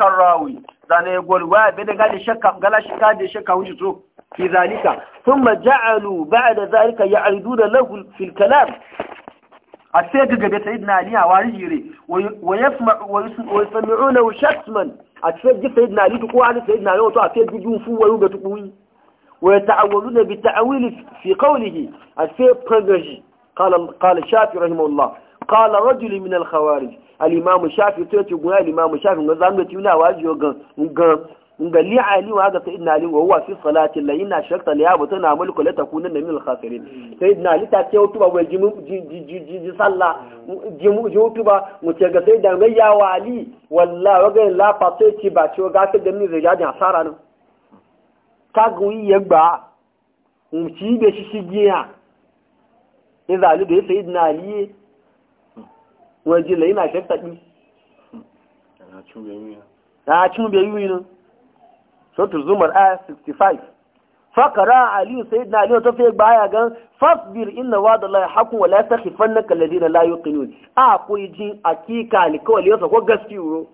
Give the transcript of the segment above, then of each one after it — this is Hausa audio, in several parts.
shakkar rawi zane gol wa be da gadi shakka gala shakka da shakka wuce to fi zalika thumma ja'alu ba'da zalika ya'riduna lahu fil kalam asai ga gabe sayyidina ali a wari jire wa yasma wa yasma'una shatman asai ga sayyidina ali ko hada sayyidina ali to asai gijun fu wayu ga tukuyi wa yata'awwaluna bi ta'wili fi qawlihi asai fagaji qala qala shafi rahimahullah qala رجل من الخوارج الامام الشافعي imam shafi to ci gwa al imam shafi ga zan da tula wajiyo ga ga ga li ali wa ga sayyidina ali wa huwa fi salati la inna sharta li yabu tana mulku la takuna min al khasirin sayyidina ali ta ce ba wa jimu ji salla jimu ji utuba mu ce ga sayyidina mai ya wa ali wallahi ga la fa ci ba ci ga ta da ni asara nan ka gba mu ci da shi shi sayyidina ali wọ́n jí lẹ́yìn àṣẹ tẹ̀lé. àtúnbẹ̀ yìí nù. sọ́tù zumar a sixty five. fakara aliyu sai na aliyu ta fi baya gan fasbir inna wa da lai haku wa lai sahi fannan kalladina la yi kinu a koyi jin akika alikawal yasa ko gaskiyo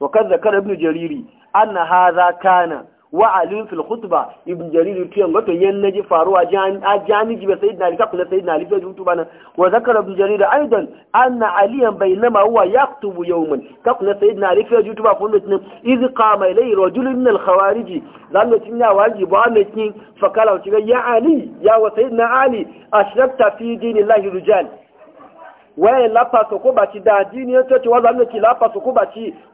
wa kan zakar ibnu jariri anna za kana وعلي في الخطبة ابن جرير يكيان قلت ينجي فاروا أجاني آه، جيب سيدنا علي كقل سيدنا علي في الجوتوبانا وذكر ابن جرير أيضا أن عليا بينما هو يكتب يوما كقل سيدنا علي في الجوتوبا فنتنا إذ قام إليه رجل من الخوارج لأنه تنا واجب وأن تنين فقال يا علي يا وسيدنا علي أشركت في دين الله رجال waye lafa su da addini ya ce wa zan ki lafa su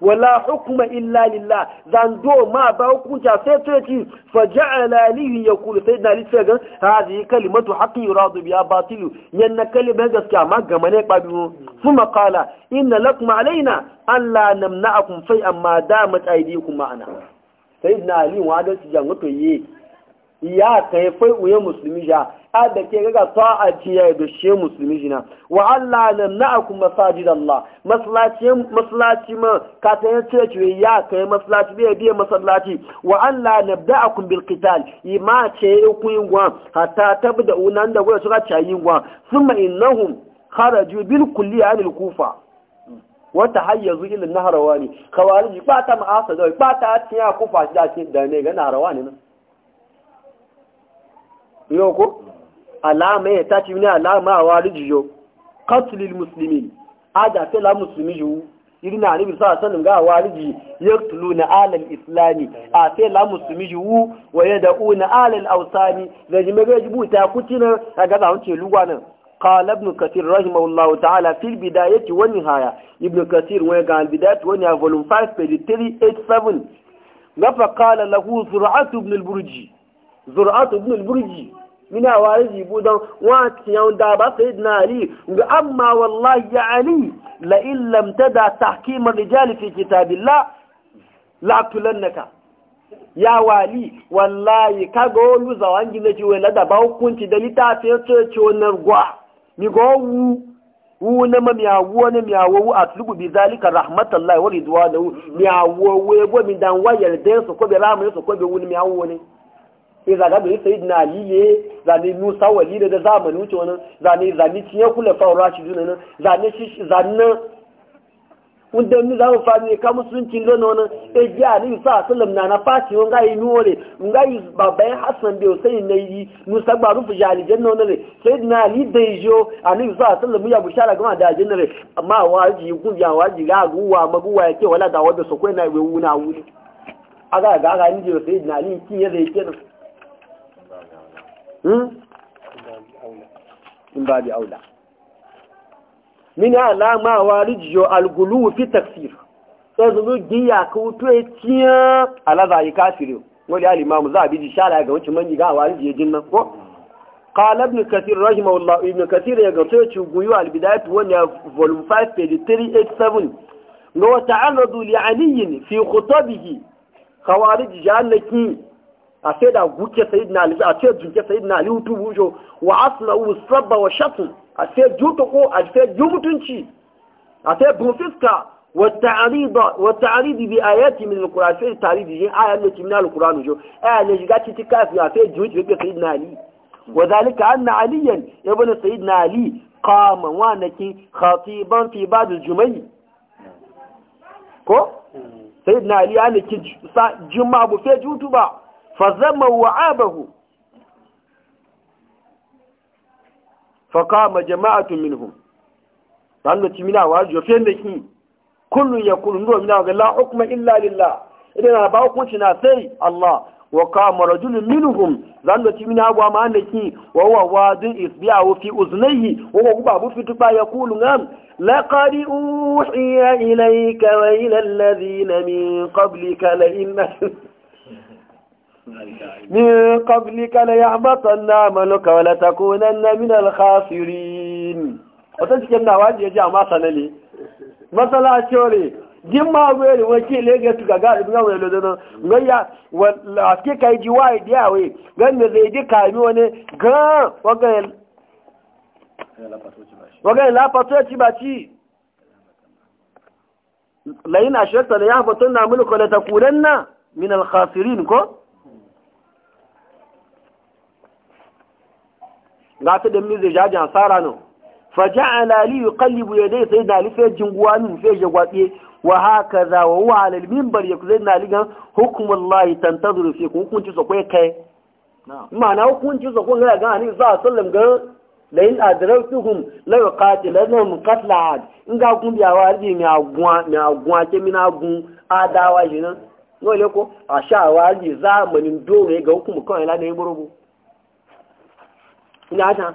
wala hukuma illa lillah zan do ma ba hukunta sai to ci fa ja'ala li yaqul sayyidina ali sai gan hadi kalimatu haqqi yuradu biya batilu yanna kalima gaskiya ma gama ne kwabi mu kuma qala inna lakum alaina an la namna'akum fai amma damat aydikum ma'ana sayyidina ali wa da ci jan wato ye iya kai fai uye musulmi ja da ke ga ta'a a ya da she musulmi jina wa Allah na na'akum masajid Allah masallaci masallaci ma ka ta ya cire ce ya kai masallaci bai biye masallaci wa Allah nabda'akum bil qital ima ce ku yin gwa hatta tabda unan da gwa suka ci yin gwa thumma innahum kharaju bil kulli anil kufa wata na ila naharawani khawariji ba ta ma'asa da ba ta tiya kufa shi da ne ga ne nan yau ko alama ya tashi ne alama a wariji yau katulil musulmi a da musulmi yiwu irin na sa sanin ga wariji ya tulu na alal islami a la musulmi wú wa da ó na alal ausani da jime ga jibu ta kucinan a gaza wuce lugwanan قال ابن كثير رحمه الله تعالى في البداية والنهاية bida كثير وقع البداية والنهاية فولوم 5 page 387 فقال له زرعة بن البرجي mina wariji budan wati yau da ba sai na ali ga amma wallahi ya ali la in lam tada tahkimar rijali fi kitabillah la tulannaka ya wali wallahi kaga olu zawangi na da lada ba hukunci da littafin ce wannan gwa mi go wu wu na ma miyawo na miyawo wu tulubu bi zalika rahmatallahi wa wu miyawo we bo mi dan wayar da su ko bi rahmatin su ko bi wuni miyawo ne e ga bai sai na liye zane musa wali da da zamani wuce wani zane zane cinye kula faura shi duna nan zane shi zane wanda ni zamu fami ka musulunci lona wani e ji a ni sa sallam na na fashi wani ga yi nuwore ga yi babayin hassan bai sai na yi musa ba rufu jali janna wani sai na li da jo a ni sa sallam ya bushara gama da janna re amma waji kungiya waji ga guwa maguwa yake wala da wanda su kai na wuna wuni aga ga ga ni je sai na li kin ya zai kenan Hmm? in ba bi aula min alama warijiyo algulu fi tafsir sai zuzu giya ka wuto ya ciya alaza yi kafiri wani alimamu za a ji shara ga wancan manyi ga warijiyo jin nan ko قال ابن كثير رحمه الله ابن كثير يقول تشوغيو البداية وانا فولوم 5 page 387 لو تعرضوا لعلي في خطبه خوارج جانكي a sai da guke sayidina ali a sai juke sayidina ali hutu bujo wa asna'u sabba wa shatu a sai juto ko a sai ju a sai bu wa ta'rida wa ta'ridi bi ayati min alquran sai ta'ridi je aya ne min alquran jo aya ne shiga cikin kafi a sai ju juke na ali wa zalika anna aliyan ibn na ali qama wa naki khatiban fi ba'd al-jumay ko hmm. sayidina ali ya ne ki juma'a bu sai jutu ba فذم وعابه فقام جماعه منهم قالوا تمنا واجو فين دكي كل يقول نور منا لا حكم الا لله اذا أبا حكمتنا سي الله وقام رجل منهم قالوا تمنا وما نكي وهو واد إصبعه في اذنيه وهو باب في تبا يقول نعم لقد اوحي اليك والى الذين من قبلك لئن من قبلك ليعبطن عملك ولتكونن من الخاسرين وتسكن نواجه يجي ما سنلي مثلا شوري jin ma wele wake lagos ga ga ibn awon lo dono ngaya wala kai ji wai dia we gan ne zai di kai mi wani ga waga waga la pato ci ba ci lain ashirta la yahbatun na mulku la takulanna min al ko ga ta da mizu jaji asara no fa ya dai sai yadayhi sayyidina jinguwa fa jinguwani fa gwaɓe wa za wa huwa ala al-minbar yakuzina ali gan hukmullahi tantazuru fi hukunci so kai kai ma'ana hukunci su kun ga ga ani za sallam ga la in adratuhum la yuqatilanhum qatla ad in ga kun biya wa harbi mai agwa ke mina na gun adawa jinan no le ko asha wa arbi zamanin dole ga hukumu kan ila kuna ta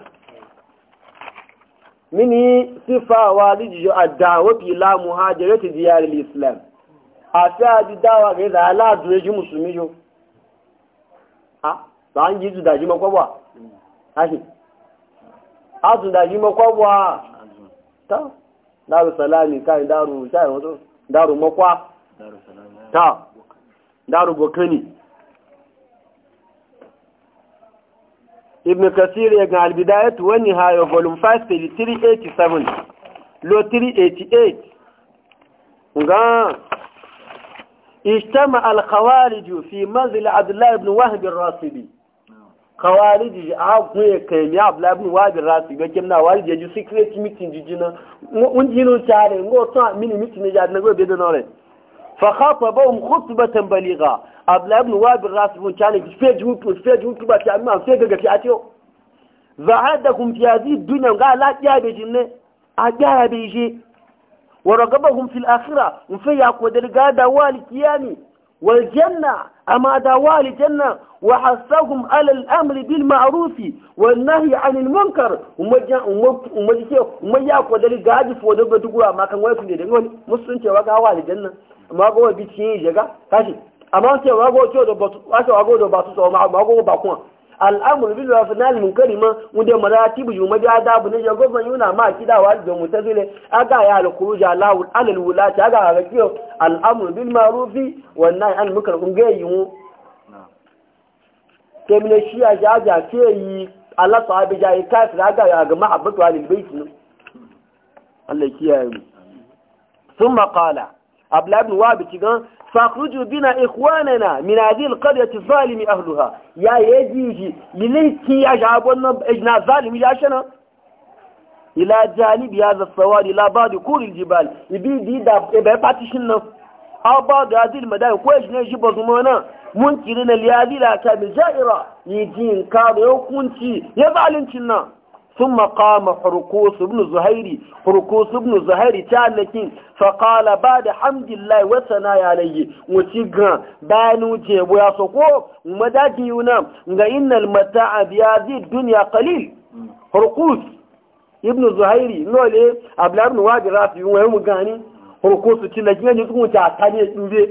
mini sifa wa rijiyo addawa fila muhajirati diyar islam a fi aji dawa ga yadda aladu ya ji musulmi yo ha ba an ji zudaji makwabwa hashi a zudaji makwabwa ta daru salami kai daru shayin wato daru makwa ta daru bokani ibn kasir yagan albidayatu wani hayo volume 5 page 387 lo 388 nga ijtama al khawarij fi mazl abd allah ibn wahb ar rasidi khawarij a kuye kai mi abd allah ibn wahb ar rasidi ga kemna walid ya ju secret jijina un jinu chare ngo to mini meeting ja na go be do nore fa khatabahum khutbatan baligha abdullahi ibn wahab rasibun chane feji hutu feji hutu ba ta amma fe gaga a tiyo zahadakum fi hadhihi dunya ga la tiya be jinne a tiya be shi wa ragabahum fil akhirah in fe ya ko dal ga da wal kiyami wal janna amma da wal janna wa hasahum ala al amr bil ma'ruf wal nahy an al munkar umma umma ke umma ya ko dal ga ji fo da dugura ma kan wai tunde da ngoni musun cewa ga wal janna amma ga wa bi cin je ga kashi amma ce wa go ce da batu wa wa go da batu so ma ma go ba kuma al'amur bil rafinal munkari ma wanda maratibu yuma da adabu ne ya gofan yuna ma kidawa da mutazile aga ya al khuruja la al ga kiyo al'amur bil ma'rufi wan nahy al ga yiwu kemne shi ya ja ja ce yi Allah sahabi yi kafir aga ga mahabbatu al bait ne Allah kiyaye mu ثم قال أبلا بن فاخرجوا بنا اخواننا من هذه القريه الظالم اهلها يا يجيجي يا أجعبنا اجنا ظالم يا جاشنا الى جانب هذا الصواد إلى بعض كل الجبال يبي دي دا إبقى باتشنا أو بعض هذه المدائن كويس كويش نجيب زمانا منكرنا لهذه الأكام الجائرة يجين كاريو كنتي يا تنا sun maƙama hurkusu ibn zuhairi hurkusu zuhairi ta annakin faƙala ba da hamdillahi wata na yalaye wuci ga bayanu jebu ya so ko madaji yuna ga innal mata'a biyazi duniya qalil Ibnu ibn zuhairi nole abdullahi ibn wajir rafi yun wayo mu gani hurkusu cin da gina jikin wuce a tani ya tsure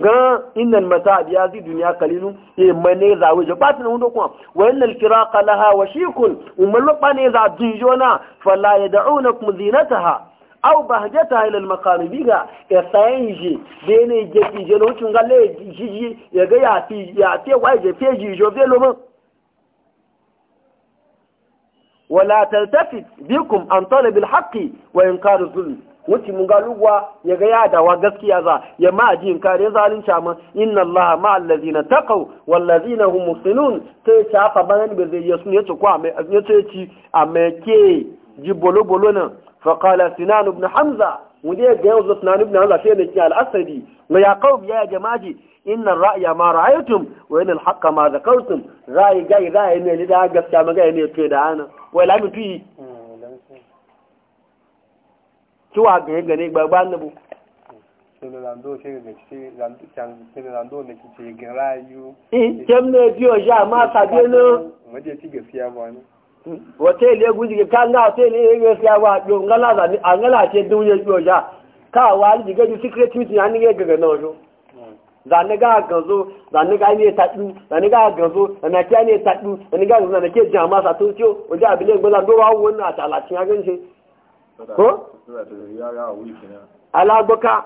ga innal mata biya zai duniya kalilu e mane za waje batin hundo kuma wa innal firaqa laha wa shikun ummal ba ne za dunjona fala yad'unakum zinataha aw bahjataha ila al maqam biga ya sayinji de ne je ti je no tun gale jiji ya ga ya ti ya te wa je te ji jo velo mo wala taltafit bikum an talab al haqqi wa inkar al zulm Mutum mun galuwa ya ga yadawa gaskiya za ya ma ji in kare zalunci amma inna Allah ma allazina taqaw wal ladzina hum muhsinun sai ta fa ban be zai yasu ne ta kwa mai ne ce ci amma ke ji bolo bolo nan fa qala sinan ibn hamza wuje ga yanzu sinan ibn hamza sai ne ki al asadi wa ya qawm ya jama'ati inna ra'ya ma ra'aytum wa inna al haqqa ma zakartum ra'yi gai ra'yi ne da gaskiya ma gai ne ke da ana wai lamu fi tí wàá gẹ̀rẹ́ gẹ̀rẹ́ ma sabe no waje ci gaskiya ba hmm, ya guji na hotel ya gaskiya ba don ngala za ni angala ce dunye biyo sha ka wa ni di secret meeting an ne ga na jo da ni ga ganzo da ni ga ne tadu da ni ga ganzo da na ta ga na ke jama sa to bile do wa wona ta la ko alagboka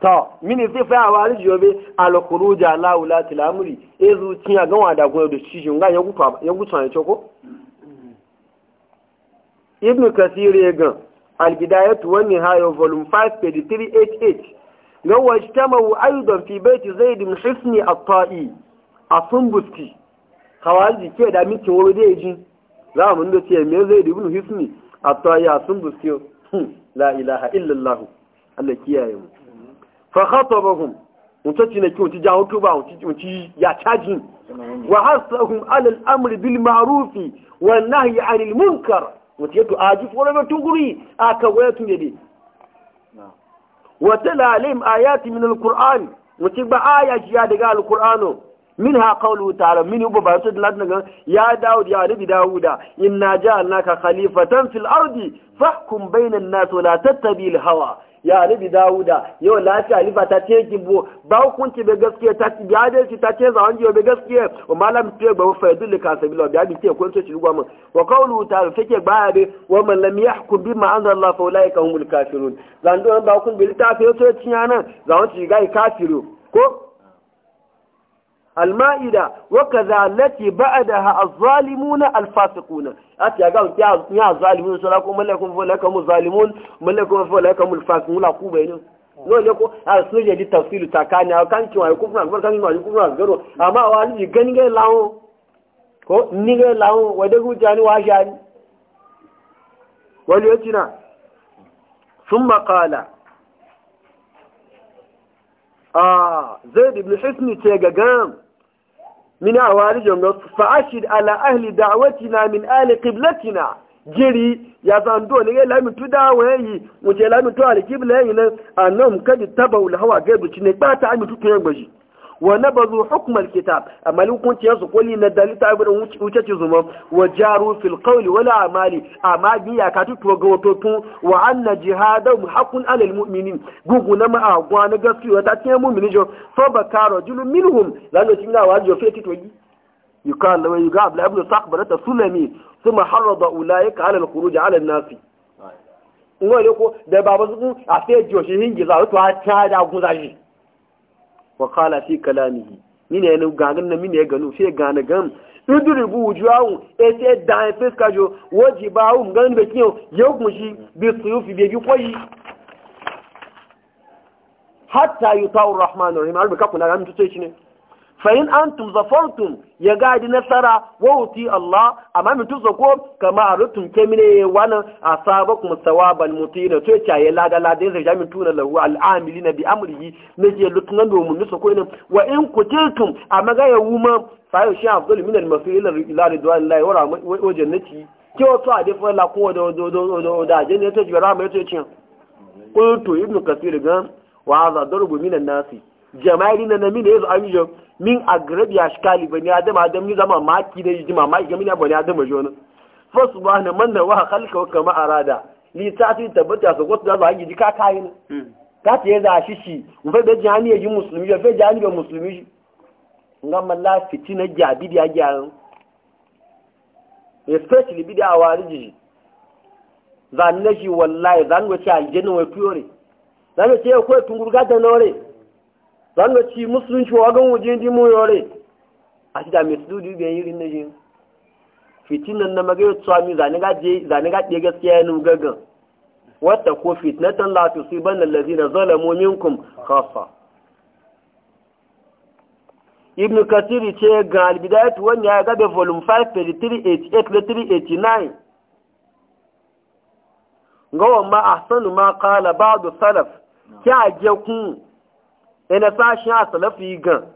ta mini fi fa wa ri jobe alkhuruja la wala tilamuri ezu tin agan wa da go do shi nga yan gutu yan gutu an choko ibn kathir yagan albidayatu wan volume 5 page 388 ga wajtamahu aidan fi ti zaid ibn hisni at-ta'i asumbusti khawaji ke da miki woro deji za mu ndo ce me zai ibnu hisni a tawaya sun buske hmm, la ilaha illallahu Allah kiyaye mu fa khatabahum mutaci ne ki mutu jawo tuba mutu ya caji wa hasahum ala al-amr bil ma'ruf wa nahyi 'anil munkar mutu yato aji fora ba tunguri aka waya tun yade wa tala alim ayati min al-qur'an mutu ba aya ji ya daga al-qur'ano منها قوله تعالى من يبقى بارسود لاتنا يا داود يا na داود إنا جعلناك خليفة في الأرض فاحكم بين الناس ولا تتبي hawa ya nabi dawuda yau lafiya lifa ta ce ki bo ba hukunci bai gaskiya ta ci ya dai ta ce zawon jiyo bai gaskiya wa malam ce ba fa ka sabila bi ce kun so ci wa qawlu ta fike baya wa kafirun zan ba hukun bil ta fa zawon ci kafiru ko Alma’ida, waka zalace ba a da ha’a zalimu na alfasiku na, a ce ga wuce ya zalimu su rakun mallakun fola kamun zalimu, mallakun fola kamun alfasiku na mu bai nin. Nuna ne ko a sun yi tafsiru ta kani, a kan kiwa yi kufin alfasar kan kiwa yi kufin alfasar amma a wani gani gani lahun, ko ni gani lahun, wadda ku jani wa shi ni? Wani yanci na, sun makala, a zai dubi hisni ce ga gam. min awarijin ga fa'ashid ala ahli da'watina min ahli qiblatina jiri ya zan do ne la mi tuda wayi mu je la mi to al qibla yin annum kad tabaw hawa gaibu ne ba ta mi yan gbaji wa bazu hukmal kitab amma hukunci yansu koli na dalita ibn wuce ci zuma wa jaru fil qawli wala amali amma biya ka tutuwa ga watotun wa anna jihadahum hakun alal mu'minin gugu na ma agwa na gaskiya ta tiyan mu'mini jo ba karo julu minhum lalo tinga na wajo feti to yi yuqal lawa yuqa abla ibn saqbarata sulami thumma harada ulaika ala al khuruj ala an nasi ngole ko da baba su a fe jo shi hingi za to a ta da shi wa kala fi kalamihi mine ne nu gagan na mine ganu sai gane gam idribu da e fe fiska jo ba awu ngan be kin kiyo yogun shi bi suyufi be bi koyi hatta yutaur rahmanur rahim alba kakuna gam tutai shi ne fa'in an zafartum, ya gadi nasara wa wuti Allah amma mutu zako kama a rutun kemine wani a kuma sawaban mutu na to ya lada da ya zai tuna lahu al'amili na bi amurji na ke lutuna domin nusa ko ne wa in kutiltum a magaya wuma sayo shi afdol min al-masu ila ila ridwan wa jannati ke wato a dafa la ko da da da jannati ta jira mai to cin qultu ibnu kasir gan wa za darbu minan nasi jama'iri na na mini yanzu an yi min a garabi ya shi kali bani adam adam ni zama maki da yi jima maki gamina bani adam jo na fa subhana man manna wa khalqa kama arada ni ta ti tabbata su wasu da za ji ka kayin hmm. ka ce za shi shi mu fa da ya yi musulmi ya fa jani ga musulmi nga malla fitina jabi da gyaran especially bidia wariji zanne shi wallahi zanwe ce aljanna wa fiore zanwe ce ko tungurga da nore zanga ci musulunci wa gan waje ji mu yore a shi da mai su dubi biyan yirin na fitinan na magana tsami mi zane ga ɗe gaskiya ya nuga wata ko fitnatan la tu siban allazi na zalamu minkum khassa ibn kasiri ce ga albidayat wani ya gabe volume 5 page 388 389 gawan ma ahsanu ma qala ba'du salaf kya je kun ina shi a salafi gan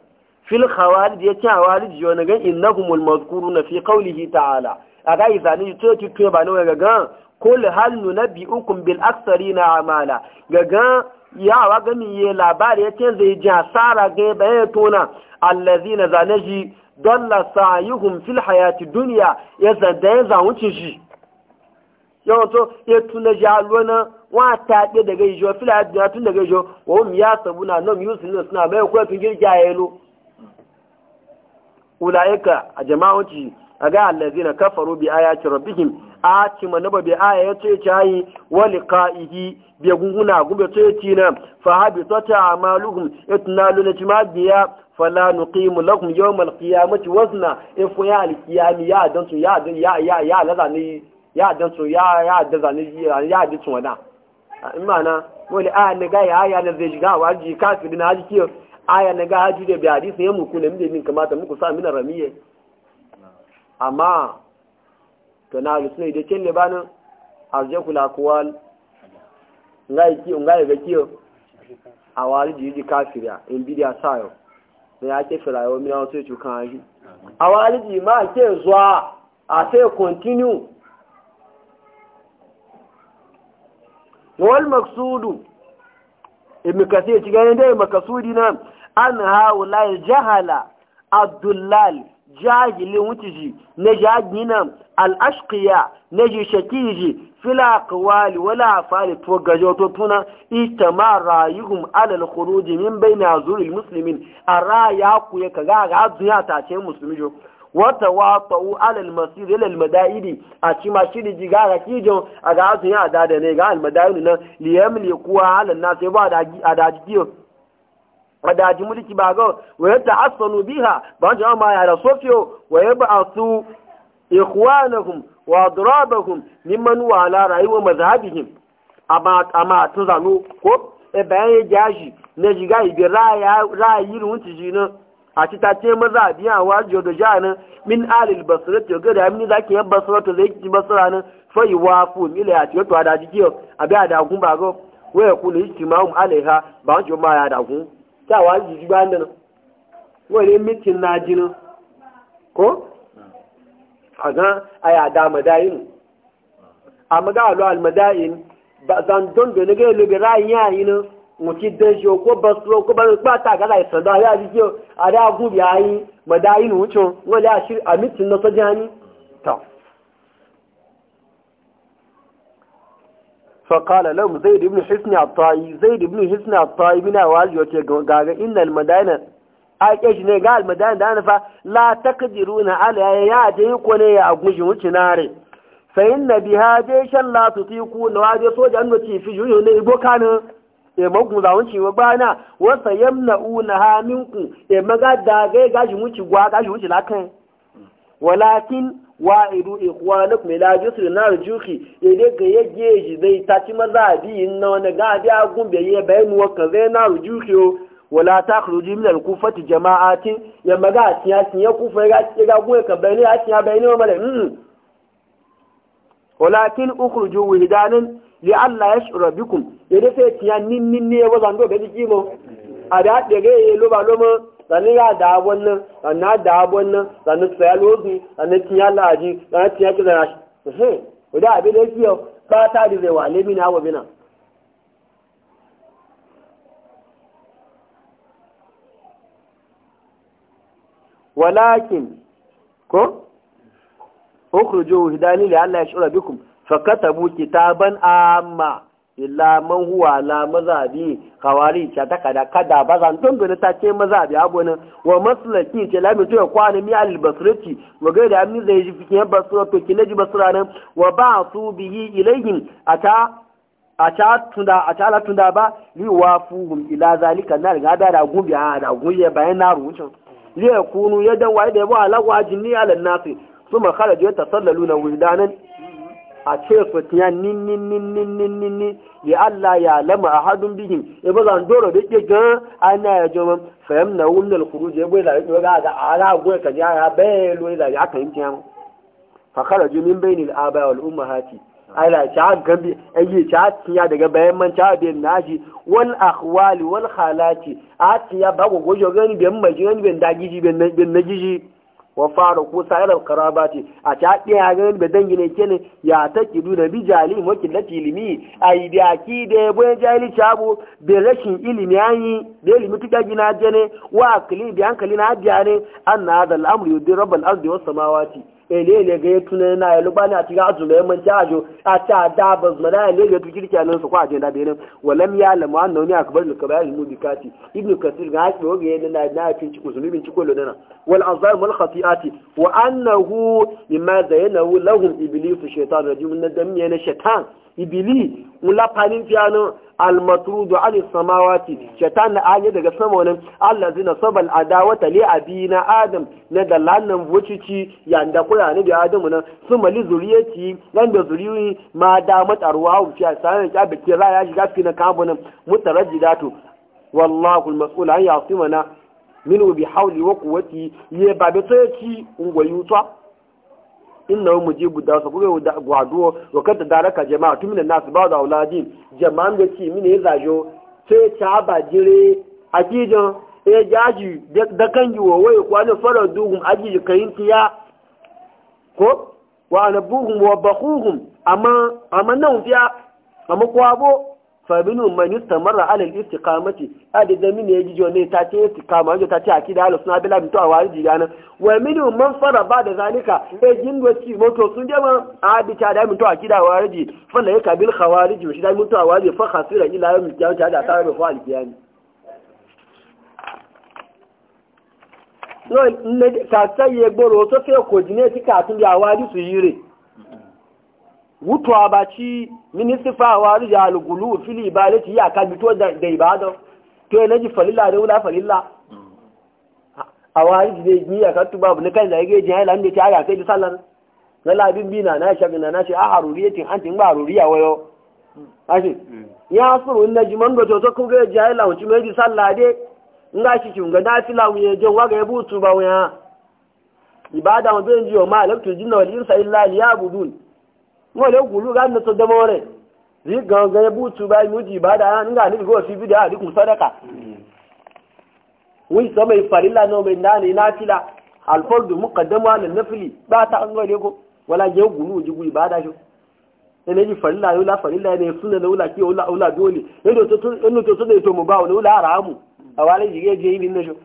fil khawarij ya ce khawarij yo na gan innahumul mazkuruna fi qawlihi ta'ala a ga izani to ki to ba ne ga gan kul hal nunabbiukum bil aktharina amala ga gan ya wa gani ye labari ya ce zai ji asara ga bayan tona allazina zanaji dalla sa'yuhum fil hayati dunya ya zanda ya zawuci shi yawan to ya tuna jalo wa ta ɗe daga yi ijo fila ya duniya tun daga ijo wa hum ya sabu na nom yusu ne suna mai kuwa tun girki a yelo ulaika a jama'oci a ga allazina kafaru bi ayati rabbihim a ci manaba bi aya ya ce cayi wa liqa'ihi bi gunguna gumbe ce ci na fa habitata amaluhum itnalu na biya fala nuqimu lahum yawmal qiyamati wazna ifu ya alqiyami ya dan su ya ya ya ya lazani ya dan su ya ya dan ya ya dan su wana imana mana wani aya ah, na gaya aya na zai shiga wa kafi kafiri na haji kiyo aya ah, na gaya haji da biya hadisi ya muku na mide min kamata muku sa mina ramiye amma to na alu sunai da kyan libanin arjakul akwal ngai kiyo ngai ga kiyo a wari ji ji kafi a in bidiya sayo na ya ke firayo mina wasu ya cukan haji a wari ji ma ke zuwa a sai continue wal maksudu ibn kasir ci ganin dai makasudi na an haula jahala abdullal jahilin wuciji na jagina al'ashkiya na jishakiji fila wala afali to gajo to tuna ita ma rayuhum alal khuruji min bayna zuril muslimin a raya ku ya kaga ga duniya ta ce musulmi jo wata u alal masir al madaidi a ci ma shi da jiga ga kijin a ga su ya da da ne ga al madaidi na liyam li kuwa alal na sai ba da da jiyo ji mulki ba ga waya ta asanu biha ba ji ma ya waya ba yab'athu ikhwanahum wa adrabahum mimman wa ala rayuwa mazhabihim amma amma tun zanu ko e bayan ya jaji ne jiga ibi ra'ayi ra'ayi runci na a ci ta ce maza a biya wa jiyo da min alil basra ta ga da mini zaki yan basra to zai ci basra nan fai wa fu mila ya ciyo to a da ji a biya da kun ba ga waya kuna yi ci ma'um alaiha ba jo ma ya da kun ta wa ji ji bayan da nan wani mitin na jinin ko a aya a da madayin a maga al almadayin ba zan don da na ga yi lobe ra'ayin yi nan mutu danshi ko basro ko ba ba ta ga zai sada ayé ji kiyo a da gubi ayi madayi nu wucin wani a shir a mitin na sojani ta فقال لهم زيد بن حسن hisni زيد بن حسن الطائي من أوالي وتيقى إن المدائنة ake shi ne ga almadan da nufa la na ala ya je ko ne ya gujin wuce nare biha je shan la na waje soja an ne e magun za wuce wa bana wasa yamna una ha minku e maga da ga ga shi wuce gwa ga shi wuce lakan walakin wa idu ikhwanukum ila jusri nar juhi e de ga yaje dai zai ci maza bi na wani ga bi a be ye bayan wa ka zai nar juhi o wala khruji min al-kufati jama'ati ya maga tiya tiya kufa ga ga gwe ka bayani a tiya bayani wa mala mm. walakin ukhruju wihdanan li Allah ya shura bikum ya da sai tiya nin nin ne zan zando ga jiki mo a da da ga ye lo ba lo mo dan ya da wannan na da wannan sana tsaya lozi sana tiya laji na tiya ki da shi he o da abin da kiyo ba ta di zai wa lemi na wa bina walakin ko ukhruju hidani li Allah ya shura bikum fakatabu kitaban amma illa man huwa la mazabi khawari ta takada kada bazan dongone ta ce mazabi abonin wa maslaki ce la mi to kwani mi al basrati wa da amni zai ji fike basra to kinaji basra nan wa ba'tu bihi ilayhim ata ata tunda ata la tunda ba li wafuhum ila zalika nar ga da gubi ha da gubi bayan na rucin li yakunu yadan wa da ba ala wajin ni ala nasi suma kharaju yatasallalu na wildanan a ce fitiya ninninninninninni ya Allah ya lama a hadun bihin ya e ba zan doro da ke gan ana ya jo man fahim na wunnal khuruj e ya bai da ya ga ga ara goya ka ja ya bai lo da ya kan tiyan fa kharaju min bainil aba wal ummahati ala a gambi ayi e a tiya daga bayan man ta bin naji wal akhwali wal khalati a tiya ba go gojo gani ben maji gani ben dagiji ben nagiji wa faru ko karaba karabati a ta ya ganin da dangi ne kena ya ta duna na bijali wa killati ilimi a yi da ki da ya bayan jahili shabu da rashin ilimi an yi da ilimi tuka gina jene wa akili da hankali na hajiya ne an na da al'amuri yudin rabbal ardi wasu samawati ele ne ga yetu ne na yalu bani a tiga azuma yamman jajo a ta da ba zuma na yalu ga tukiri kenan su kwa ajenda benin walam ya lamu an nauni akbar ne kabayar mu bikati ibnu kasir ga haƙi oge yana na na cin ciko zumi bin ciko lodana wal azar mul khati'ati wa annahu mimma zayyanahu lahum iblisu shaytan rajim na damiya na shaytan ibili mulafanin fiyano almatrudu an samawati shaitan na aje daga sama allah zina sabal adawata li abina adam na dalannan wucici yanda kula ne da adamu nan suma mali zuriyati nan da zuriyoyi ma da matarwa wuci sanan ya biki raya shiga fina kabunan mutarajjidatu wallahu almas'ul an yasimana minhu bihawli wa quwwati ye babe sai ci innahu mujibu da su kuma da gwaduwa wa kada daraka jama'a tun minan nasu ba da auladin jama'an da ci mine zajo sai ta ba jire akijan e jaji da kan yi wa wai kwanin fara duhun ajiji kayin tiya ko wa anabuhum wa bakuhum amma amma nan fiya amma kwabo faminu man yustamarra ala al-istiqamati adi da min yaji jo ne ta ce istiqama jo ta ce akida ahlus sunna bila bito awari jigana wa minu man fara ba da zalika e jindo ci moto sun je ma adi ta da mito akida awari fa la yaka bil khawarij shi da mito awari fa khasira ila yawm al-qiyamah ta da ta da fa al-qiyam no ne ta sai ye gboro so fe ko jine ti ka tun bi awari su yire wutuwa ba ci minisifa wa rija algulu fili ibadati ya ka mito da ibada to ne ji falila da wula falila a wani ji dai ni ya ka tuba ne kai da yake jin haila ne ta ya kai da sallar na labin bina na shabi na na shi a haruriyatin an tin ba haruriya wayo ashi mm. ya suru na ji man goto to ku ga ji haila wuci mai ji sallah dai in ga shi kin ga na fila wuye je wa ga ya butu ba wuya ibada mun ji yo ma alaktu jinna wal insa illa liyabudun wọ́n lè wùlú láti tó dẹ́mọ́ rẹ̀ rí gangan ẹbú tu bá inú jì bá dáa nígbà níbi kó fi fídíò àdínkù sọ́dẹ́kà wọ́n ìsọmọ ìfàrílà náà bẹ̀ náà ní náfìlà alfọ́dù mú kàdẹ́mọ́ àlẹ́ nẹ́fìlì bá a ta ń gbọ́ lẹ́kọ́ wọ́n la jẹ́ wùlú òjìgbù ìbádájọ́ ẹnẹ́jì fàrílà yóò la fàrílà ẹni súnlẹ̀ ló la ne ó la dóòlì ẹnu tó tó lè tó mọ̀ bá ò ló la rà á mù àwa alẹ́ yìí gẹ́gẹ́ ibi nẹ́jọ́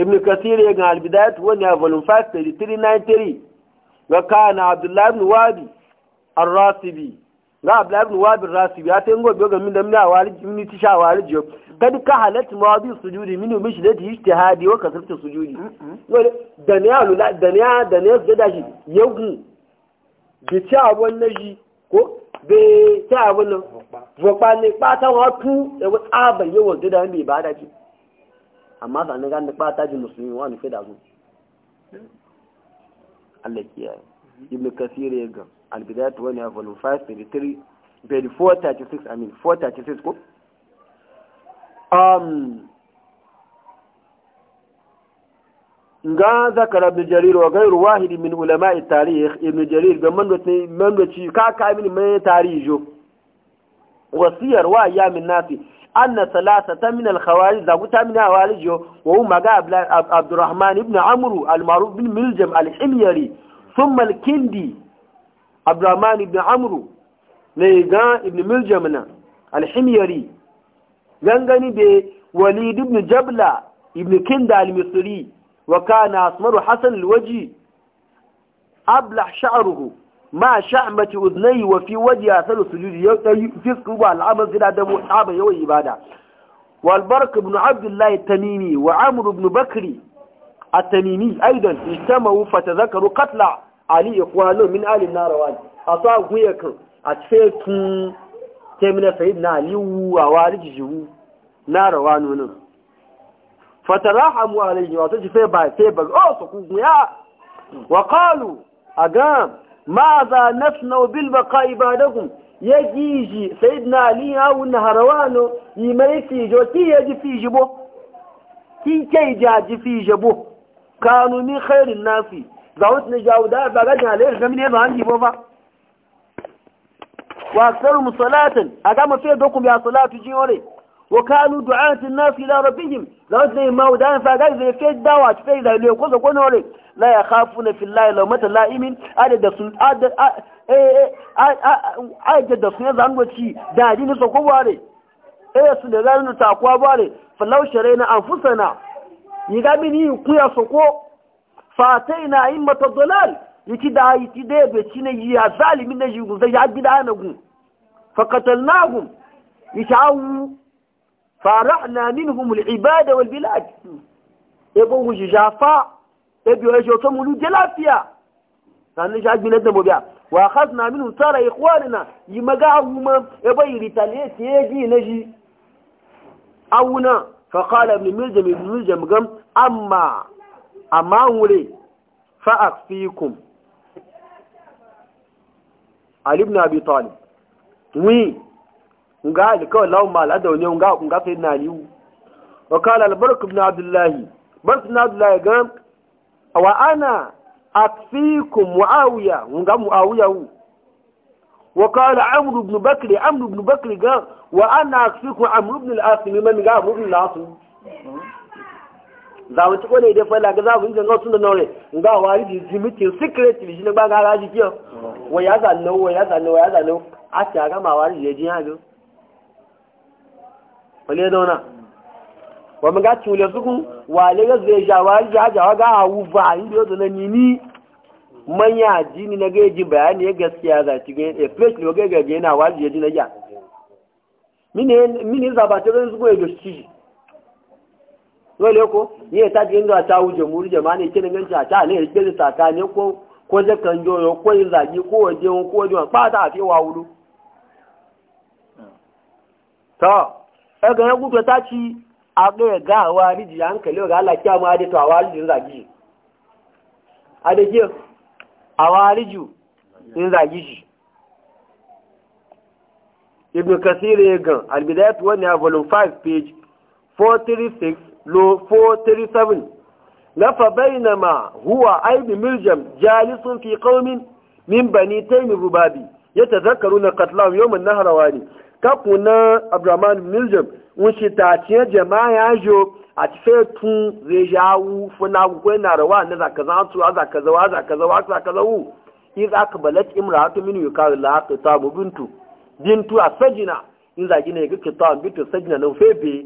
ibn kasir yẹ gan albidayat wọn ni a volume five thirty three ga kana abdullahi ibn wabi ar-rasibi ga abdullahi ibn wabi ar-rasibi ya tengo biyo ga min da mina wali min ti sha wali jo kad ka halatta mawadi sujudi min min shidati ijtihadi wa kasratu sujudi dole daniya lula daniya daniya da shi yagu bi ci abun naji ko be ci abun nan vopa ne pata wa tu e wa tsaba yawa da mi ibada ji amma sanin ga ni pata ji musulmi wa ni fe da zu Allah ke yaya ibn kasir ya ga albidat wani wa volume 5 page 3 page 436 amin 436 ko um nga zakara ibn jarir wa ghayru wahid min ulama tarikh ibn jarir ga man man ci ka ka min mai tarihi jo wasiyar wa ya min nasi anna salasata min al-khawarij da guta min al-khawarij wa huma ga Abdurrahman ibn Amr al-Maruf Miljam al-Himyari thumma kindi Abdurrahman ibn Amr ne ga ibn Miljam na al-Himyari gangani be ibn Jabla ibn Kinda al-Misri wa kana asmaru Hasan al-Waji ablah ma sha'amati uznai wa fi waji a salu sujudi ya ɗayi fisku ba al'amar zina da mu ɗaba yawan ibada walbark ibn abdullahi tamimi wa amr ibn bakri a tamimi aidan ijtamahu fa tazakaru qatla ali ikhwanu min ali narawan a so a guye kan a ce tun temina sayid na aliyu a wari jijiwu narawanu nan fatarahamu alayhi wa ta ce fe ba sai ba Oh su ku guya wa qalu agam ma'aza nasna bil baqa ibadakum yajiji sayyidna ali awun harawano imai fi joti yaji fi jibo kin kai jaji fi jibo kanu min khairin nasi zawut ni jawda ba gadan alai zamin ne ba an jibo ba wa salatan aga mafi dokum ya salatu jiore وكانوا دعاة الناس إلى ربهم لو أنت ما ودان فقال زي في الدعوة في ذا اللي يقول لك ونوري لا يخافون في الله لو متى لا إيمن عدد سن عدد عدد سن يزعن وشي دادين سوكو واري إيه سنغان تاقوا واري فلو شرينا أنفسنا يغامني يقيا سوكو فاتينا إمة الضلال yaki da yi ti da ya bai ne ya zalimin na shi guzai ya gida na gun fakatal na gun ya فرعنا منهم العباد والبلاد يبو جافا يبو يجوتم ولو جلافيا sannan shi agbi na dabo biya wa khasna minhu tara ikhwanina yi maga ahuma ya bai ritaliye ya ji na shi awuna fa qala ibn miljam ibn miljam gam amma ali nga alkawar lawan mala da wani nga nga sai na liwu wa kala albark ibn abdullahi bark ibn abdullahi ga wa ana akfikum muawiya nga muawiya wu wa kala amr ibn bakr amr ibn bakr ga wa ana akfikum amr ibn al-as man ga amr ibn al-as za mu ci kone da fala ga za mu ga sun da nore nga wari di zimitin secret ji ne ba ga ga ji kiyo wa ya zanno wa ya zanno wa ya zanno a ta ga ma wari je ji ha wale da wana wa mu ga tule suku wale ga zai ja ja ja ga awu ba yi da na nini manya jini na gaji bayani ya gaskiya za ci ga e fresh lo ga ga na wa ya na ja mine mine za e wale ko ga ta wuje mu jama'a ne kin ganci ta ne ke ta ka ne ko ko je kan jo ko yin zagi ko waje ko waje ta fi wa ẹgbẹ̀rẹ̀ gúgbẹ̀ tó tá ti agbẹ̀gá àwọn àríjì à ń kẹ̀lẹ̀ ọ̀rọ̀ aláàkí àwọn adétò àwọn àríjì ń ràjì adéjì àwọn àríjì ń ràjì jì ibn kasir egan albidayat wani a volume 5 page 436 437 min bani kaku na abdulrahman miljam ń ṣe ta jẹ máa yà yọ àti fẹ tún rèéjà awú fúnà gbogbo ẹ rẹ̀ wà ní zàkàzà tó azàkàzà wà azàkàzà wà azàkàzà wù ìzà kàbàlẹ̀ tí ìmúra àti mímu yòókà rẹ̀ là kẹtọ́ àbò bíntu bíntu àfẹ́jìnà ìzà jìnà yẹ kẹtọ́ àbò bíntu sẹ́jìnà ló fẹ́ bẹ́ẹ̀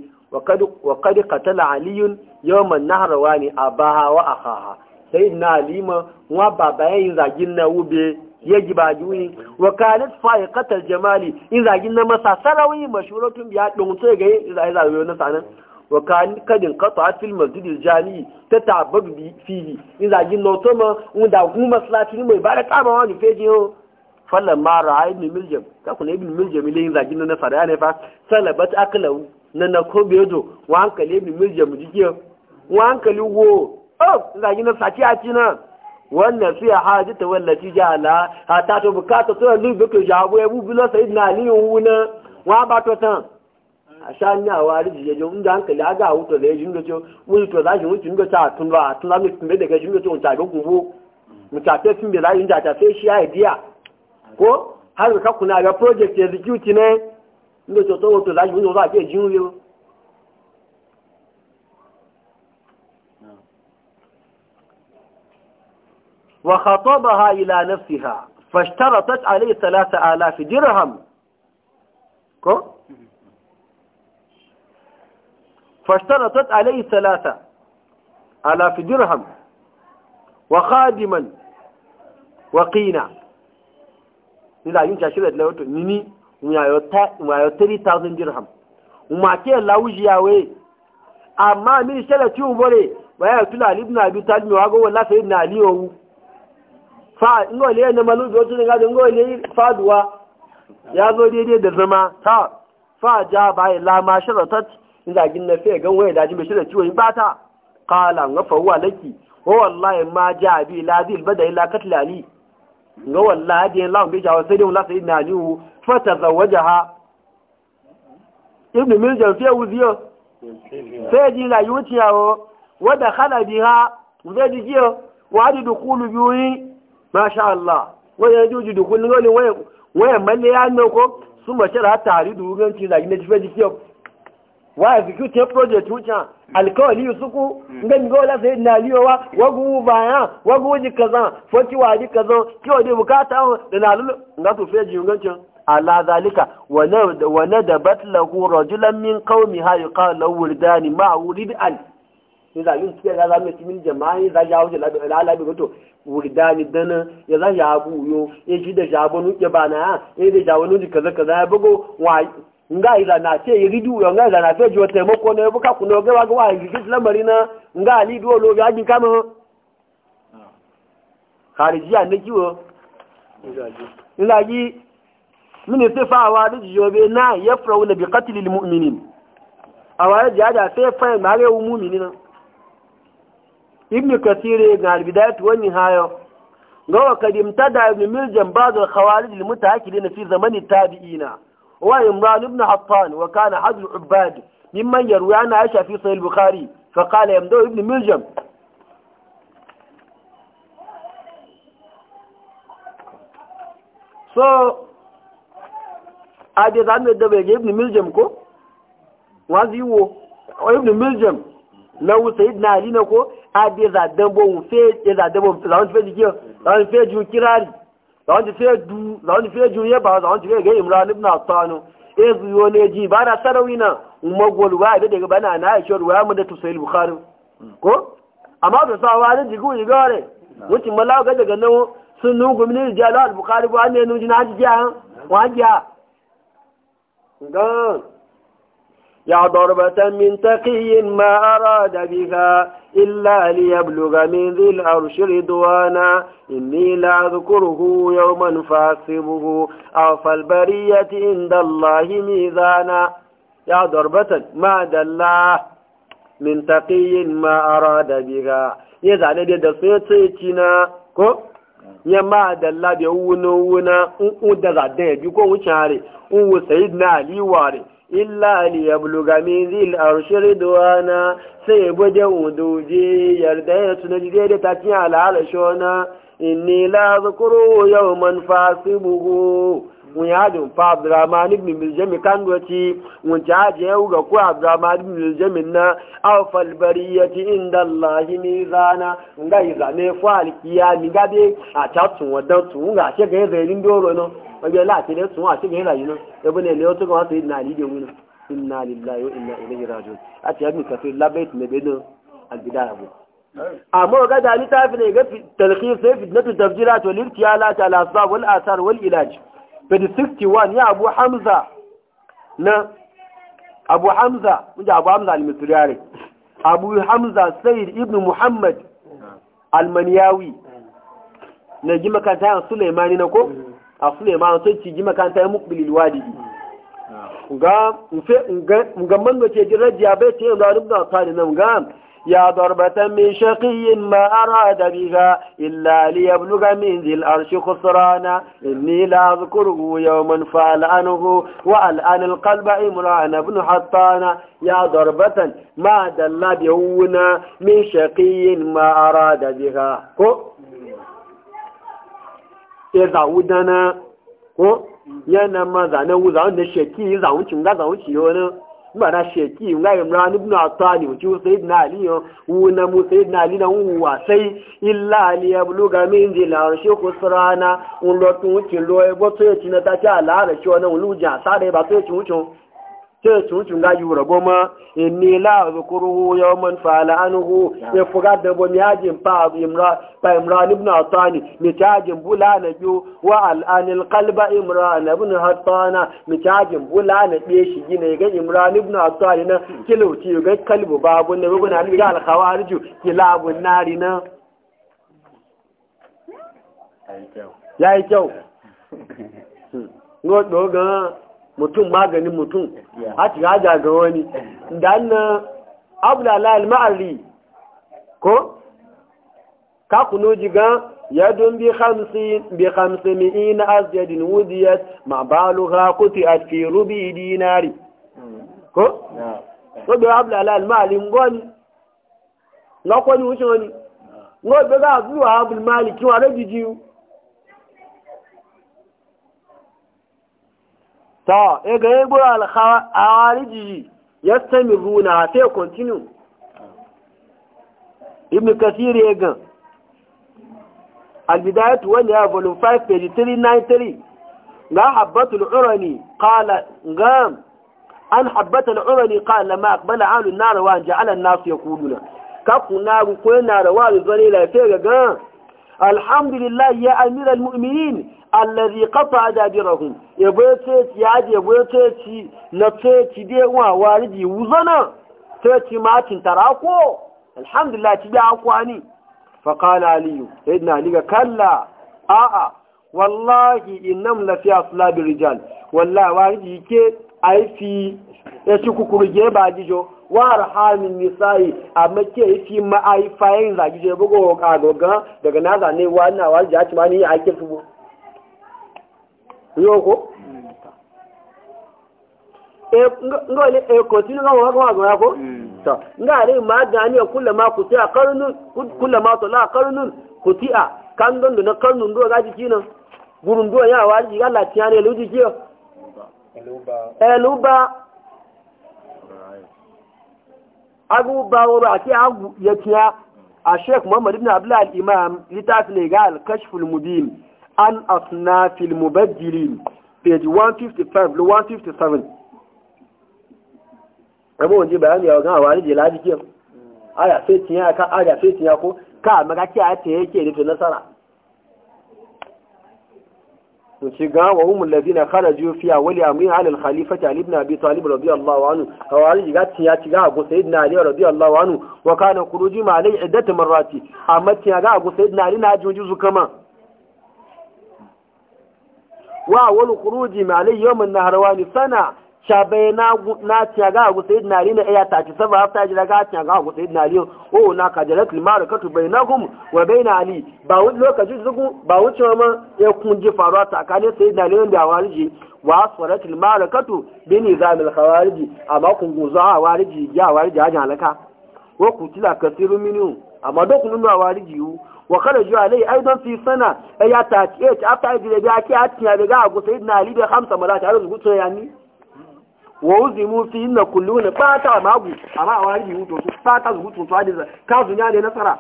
wàkàdé kàtàlà àlíyún yọ mọ̀ náhàrà wà ní àbáhà wà àhàhà sẹ́yìn náà àlímọ̀ wọn bàbá yẹn ìzà jìnà wù bẹ́ẹ̀ ya giba juyi wa kanat fa'iqatal jamali in zagin na masa sarawi mashuratun biya don sai ga zai zai na sanan wa kan kadin qata fil masjid jami ta tabab bi fihi in zagin na to ma unda hu maslati ne mai baraka ma wani feji ho fallan ma ra'ayi ibn miljam ta kula ibn miljam ne in zagin na fara ne fa salabat aklau na na ko bejo wa hankali ibn miljam jike wa hankali wo oh zagin na sati a ci na wannan fiya hajita wallaci na, ha ta to bukata to lu buke jabo ya bu bilo sai na ni wuna wa ba to tan a sha ni a wari je je inda hankali aga a wuto da jin gocho mun to za shi mun jin a tun ba tun lamu tun daga jin gocho ta ga gubo mu ta ta tun bila inda ta sai idea ko har kakuna kuna ga project execute ne inda to to za shi mun zo za ke jin yo وخطبها إلى نفسها فاشترطت عليه ثلاثة آلاف درهم كو فاشترطت عليه ثلاثة آلاف درهم وخادما وقينا إلا ينشى شرط لو نيني يوتري 3000 درهم وما كي لاوجي ياوي أما من شرط يوم بوري ويا ابن أبي تالي وقال ولا سيدنا علي fa ngo le na malu do tun ga ngo fa duwa ya zo daidai da zama ta fa ja bai la ma sharatat in da gin na fe gan waye da ji bishi da ciwo in bata qala nga fa huwa laki wa wallahi ma ja bi la zil bada ila katlali nga wallahi dai la bi jawa sai dai la sai na liu fa tazawajaha ibn miljan fe wuziyo sai ji la yutiya wa da khala biha zai ji wa da dukulu biyu masha Allah wajen ya juji dukun nolin waya malle ya nan ko sun mace da tare da ruganci da gina jife jike wa execute project wuce alkawali yusuku ngan gola sai na liyowa wagu baya wagu ji kazan foki waji kazan kiwa dai bukata da na lulu nga to feji yungancin ala zalika wane da batla ku rajulan min kawo qaumi ha yuqalu dani ma wurid an ya zaɓi su ya zaɓi su min jama'a ya zaɓi da lalabi wato wurdani dana ya zaɓi ya buyo ya shi da jabo nuke ba na ya da jabo nuke kaza kaza ya bugo wa nga ila na ce yi ridu nga ila na fe jiwa taimako na ya buka kuna ga wa yi lamari na nga ali duwa lo ya ji kama kharijiya ne kiwo ila yi min istifawa da jiyobe na yafrauna bi qatlil mu'minin awara jihada sai fa mare mu'minina ابن كثير قال بداية والنهاية قال قد امتدى ابن ملجم بعض الخوالد المتأكدين في زمن التابعين هو امران ابن حطان وكان حد العباد ممن يروي عن عائشة في صحيح البخاري فقال يمدو ابن ملجم so ade dan da bai ga ibn miljam ko wazi wo ibn miljam lawu sayyidna ali na ko adi zadambo ń fẹ́ ẹ zadambo làwọn ti fẹ́ di kíọ làwọn ti fẹ́ ju kirari làwọn ti fẹ́ du làwọn ti fẹ́ ti sarawi ko amma da sa wa daga nan sun nu gumini da al ne nu jina wa يا ضربة من تقي ما أراد بها إلا ليبلغ من ذي الأرش رضوانا إني لا أذكره يوما فأصبه أوفى البرية عند الله ميزانا يا ضربة ما دلا من تقي ما أراد بها يزعل يد سيتنا كو ya ma da labe wuna wuna in da zaɗe ya bi ko wuce hare in wuce yi na aliware illa ya buluga min zil arshiri duwana sai bude uduje yarda ya tuna jide da takin al'ala shona inni la zukuru yawman fasibuhu munyadin fa abdurrahman ibn miljami kan doci wunci haji yau ga ku abdurrahman ibn miljami na awfal bariyati inda allahi ni zana nga yi zane fa alkiya ni gade a ta tun wa dan tun ga ce ga zai rin doro no wajen lati ne tun wa ce ga yanzu no ya bane ne wata kawai sai na lide wuni inna lillahi wa inna ilaihi raji'un a ce yadda kafin labait ne benin albidaya bu amma ga da ni ta fi ne ga talkhis sai fitnatu tafjirat wal irtiyalat ala asbab wal athar wal ilaj page 61 ya abu hamza na abu hamza wanda abu hamza al-misriyari abu hamza sayyid ibn muhammad al-maniyawi na ji makanta yan sulaimani na ko mm-hmm. a sulaimani sai ci mm-hmm. ji makanta yan mukbilil wadidi ga ga da ce jirajiya bai ce yanzu a rubuta tsari na ga يا ضربة من شقي ما أراد بها إلا ليبلغ من ذي الأرش خسرانا إني لا أذكره يوما فألعنه وألعن القلب إمران بن حطانا يا ضربة ما دل بهونا من شقي ما أراد بها إذا ودنا ينما ذا ma عن الشكي wanda sheki zawuncin ga zawunci yau mara sheki nga imran ibn atani wuce sayyidina ali yo wuna mu sayyidina ali na wuwa sai illa ali ya buluga min di la shi kusrana un tun wuce lo e boto ya e ci na ta ala re shi na wulu ja sare ba to ya e ci wucin sai tun tun ga yura goma nila la zukuru yawman fala anhu ya fuga da bom jin pa imra fa imran ibn atani mitajin bula na biyu wa al'anil qalba imran ibn hatana mitajin bula na biye shi gine ga imran ibn atani na hmm. kilauci ga kalbu babu ne bugun al ga al khawariju kilabun nari na yayi kyau ngo dogan mutum maganin mutum a ci haja ga wani da annan abdullahi al-ma'ari ko ka kuno jiga yadun bi hamsin bi hamsin na asjadin wujiyar ma baluha kuti a fi rubi dinari hmm. ko? wadda abdullahi al-ma'ari ngoni ngakwani wuce wani ngoni ga zuwa abdullahi maliki wa rabi jiyu ta e ga ya gura alhawariji ya sami runa sai kontinu! ibn kasiri ya gan albidayatu wani ya volume 5 page 393 ga habbatu urani kala gan! an habbatu urani kala ma akbala alu narawa wa ja'ala nasu ya kuduna ka kunaru ko na rawa zuwa ila sai ga gan alhamdulillah ya amira almu'minin allazi a dajirahum yabo yace ya je yabo yace na ce dai wa wariji wuzana ce ci matin tarako alhamdulillah ci ga akwani fa aliyu kalla a'a wallahi innam la fi aslabi wallahi wariji ke ai fi ya ci kukurge ba jijo wa arhamin nisa'i amma ke fi ma'aifayin zagi je bugo kagoga daga na wa na wa ji ma ni ake fubo yo ko e ngole e tinu ga wa hmm. ga ga ko to ngare ma gani kullama kutiya qarnun kullama tala qarnun kutiya kan don na qarnun do ga ji kinan burun do ya wa ji ga latiya ne ji kiyo eluba eluba abubuwa ba ce ya kiya a sheik muhammad ibn Abdullahi al-imam littafi ne ga al-kashful mubin an asnafil mubajjilin page 155 to 157 abu wanje bayani ya wajen awari da lafi kiyan aya sai tiya ka aya sai tiya ko ka magaki a ta yake da nasara shiga wa umul ladina kharaju fi awli amrin ala al-khalifati ali ibn abi talib radiyallahu anhu kawari ga tiya tiga go sayyidina ali radiyallahu anhu wa kana ji ma alai idata marrati amma tiya ga go sayyidina ali na ajiyoji su kama wa kuro ji ma alai na harawa nahrawani sana chabe na na tiaga go sayyid nari na ya ta ci saba hafta jira ga tiaga go sayyid nari o na ka jira limar ka tu bainahum wa bain ali ba wani lokaci zugu ba wuce ma ya kun kunji faruwa tsakanin sayyid nari da hawariji wa asfarat limar ka tu bi nizam al khawariji amma kun guzo hawariji ya hawariji hajin halaka wa kutila kasiru minu amma dokun nuna hawariji wa kharaju alai aidan fi sana ya ta ci after jira ga ki atiya ga go sayyid nari da hamsa malaka har zugu to yani wa wọ́wọ́sì mú fi ilẹ̀ kùlú ní pátá àmàgù àmà àwọn àríbì ìwú tuntun pátá zùkú tuntun àdìsẹ̀ káàzù ní àdé nasara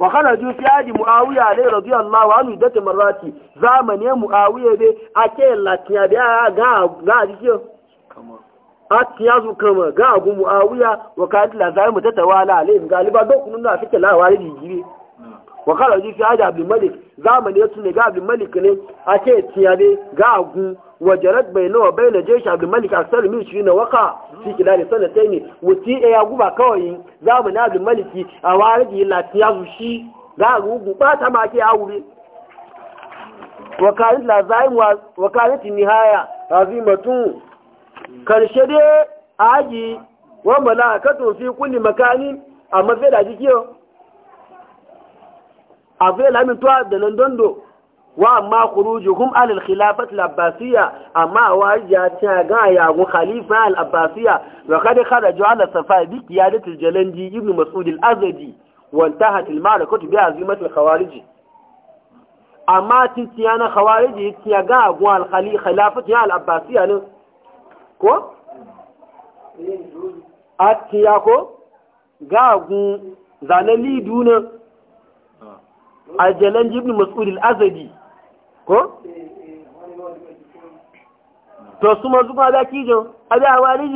wakana ju fi adi muawiya ne radiyo allah wa anu dati marati zamani ya muawiya be a ke latiya da ya ga a jikiyo a tiya su kama ga agu muawiya wa kadi la zai mu tata wala alayhim galiba dokunan da suke lawa da jigiri wakana ju fi adi abdul malik zamani ya tune ga abdul malik ne a ke tiya ne ga agu wajarat bai nawa bai na jeshi abu malik a min shi na waka shi kila da sana ta ne wuti ya guba kawai za mu na abu maliki a wari da lafiya su shi za a gugu bata ma ke aure wakarin lazayin wakarin nihaya azimatun karshe dai aji wa malakatun fi kulli makani a mafi da jikiyo a fi lamin tuwa da nan dondo wa amma khurujuhum ala al-khilafati al-abbasiyya amma wa ya ta ga ya go khalifa al-abbasiyya wa kad kharaju ala safa bi qiyadati al-jalandi ibn mas'ud al-azdi wa intahat al-ma'rakatu bi azimati al-khawarij amma tin tiyana khawarij ya ga go al-khilafati al-abbasiyya ne ko atiya ko ga gun zanali ah. duna a jalandi jibin mas'ud al-azadi ko to su mazu ma da kijo abi awari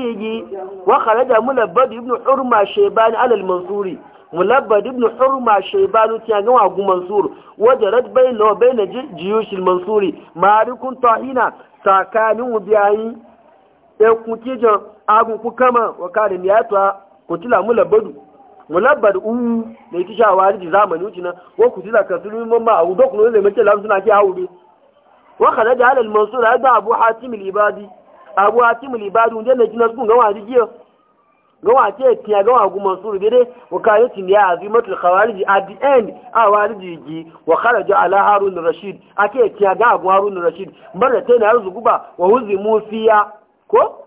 da wa kharaja mulabbad ibn hurma shaybani alal mansuri mulabbad ibn hurma shaybani ti ga wa mansur wajarat bayna bayna al mansuri marikun tahina sakanin biyayi e ku kijo agun ku kama wa kare ni ta ku tila mulabbad mulabbad um ne tisha wari zamani ucina wa ku tila kasulun mamma a udo ku ne mai ce lamsuna ki hawuri waka da jihar al-mansu da ya da abu hati mulibadi abu hati mulibadi wujen da jinas kun gawa jijiyo gawa ce tiya gawa gu mansu rubi dai ya zai matul khawariji at the end a wani jiji wa ala harun rashid ake tiya ga rashid bar da ta yi ko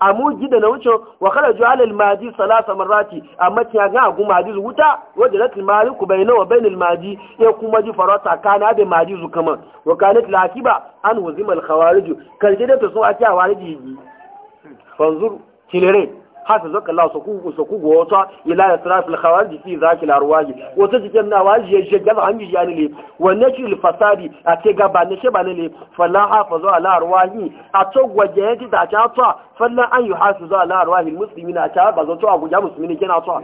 a muji da na wuce wa kala juhal al-maji salasa marati amma tiya ga agu maji wuta wajen jalat al ku bai nawa bai al-maji ya kuma ji farata kana da maji zu kama wa kanat lakiba an wazima al-khawarij kalje da to so a ta wariji fanzur kilere hasa zaka la su kugu su kugu wata ila israf al khawarij fi zakil arwaji wata jikin na waji ya shiga da hanji ya ne wa nakil fasadi a ce gaba ne she ba ne fala hafazu ala arwaji a to gwaje ya ji da ta to falla an yuhasu za ala arwaji muslimina ta ba zo to a guja muslimini kina to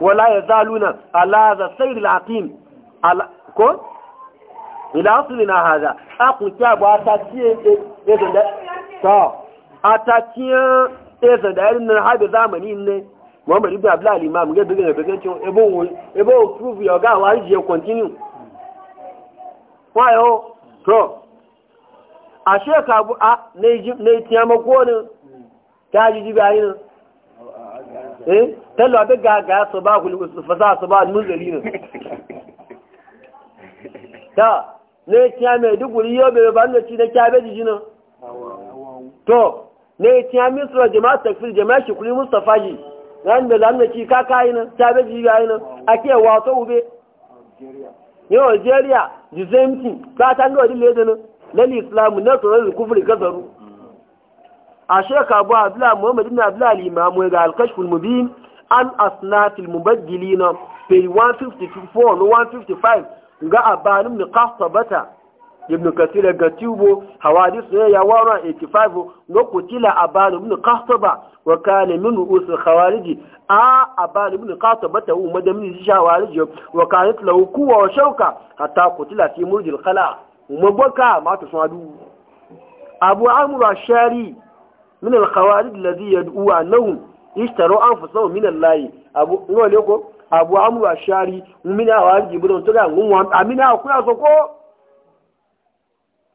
wala yazaluna ala za sayyid aqim ala ko ila asulina hada a kun ta ba ta ce e e da ta a ta sai sa da yarin nan haɗe zamani ne muhammad ibn abdullah al eh? eh? ga daga daga ebo ebo prove your ga wari je continue wayo to a sheka bu a ne ne tiyama ko ne ta ji ji bayin eh tallo da gaga su ba ku fasa su ba muzali ne ta ne duk wuri yobe ba ne ci da kyabe ji nan to na ya tiya misra jama'a takfir jama'a shukuri mustafa ji ran da zamu ci ka kai na ta be ji ga nan ake wato ube ne Algeria the same thing ka ta ga wadi lede na lal islam na to lal kufri kazaru a sheka abu abdullah muhammad ibn abdullah al imam ga al mu al mubin an asnaf al mubaddilina page 154 155 ga abanum ni qasabata ibn kathir ga tubo hawadis ne ya wara 85 no kutila aban ibn qahtaba wa kana min us khawarij a aban ibn qahtaba ta u madamin shawarij wa kana lahu quwwa wa shauka hatta kutila fi murjil khala mabaka ma ta sadu abu amru ashari min al khawarij alladhi yad'u anhum ishtaru anfusahum min allahi abu ngole ko abu amru ashari min awarij ibn to ga ngum amina ko ya so ko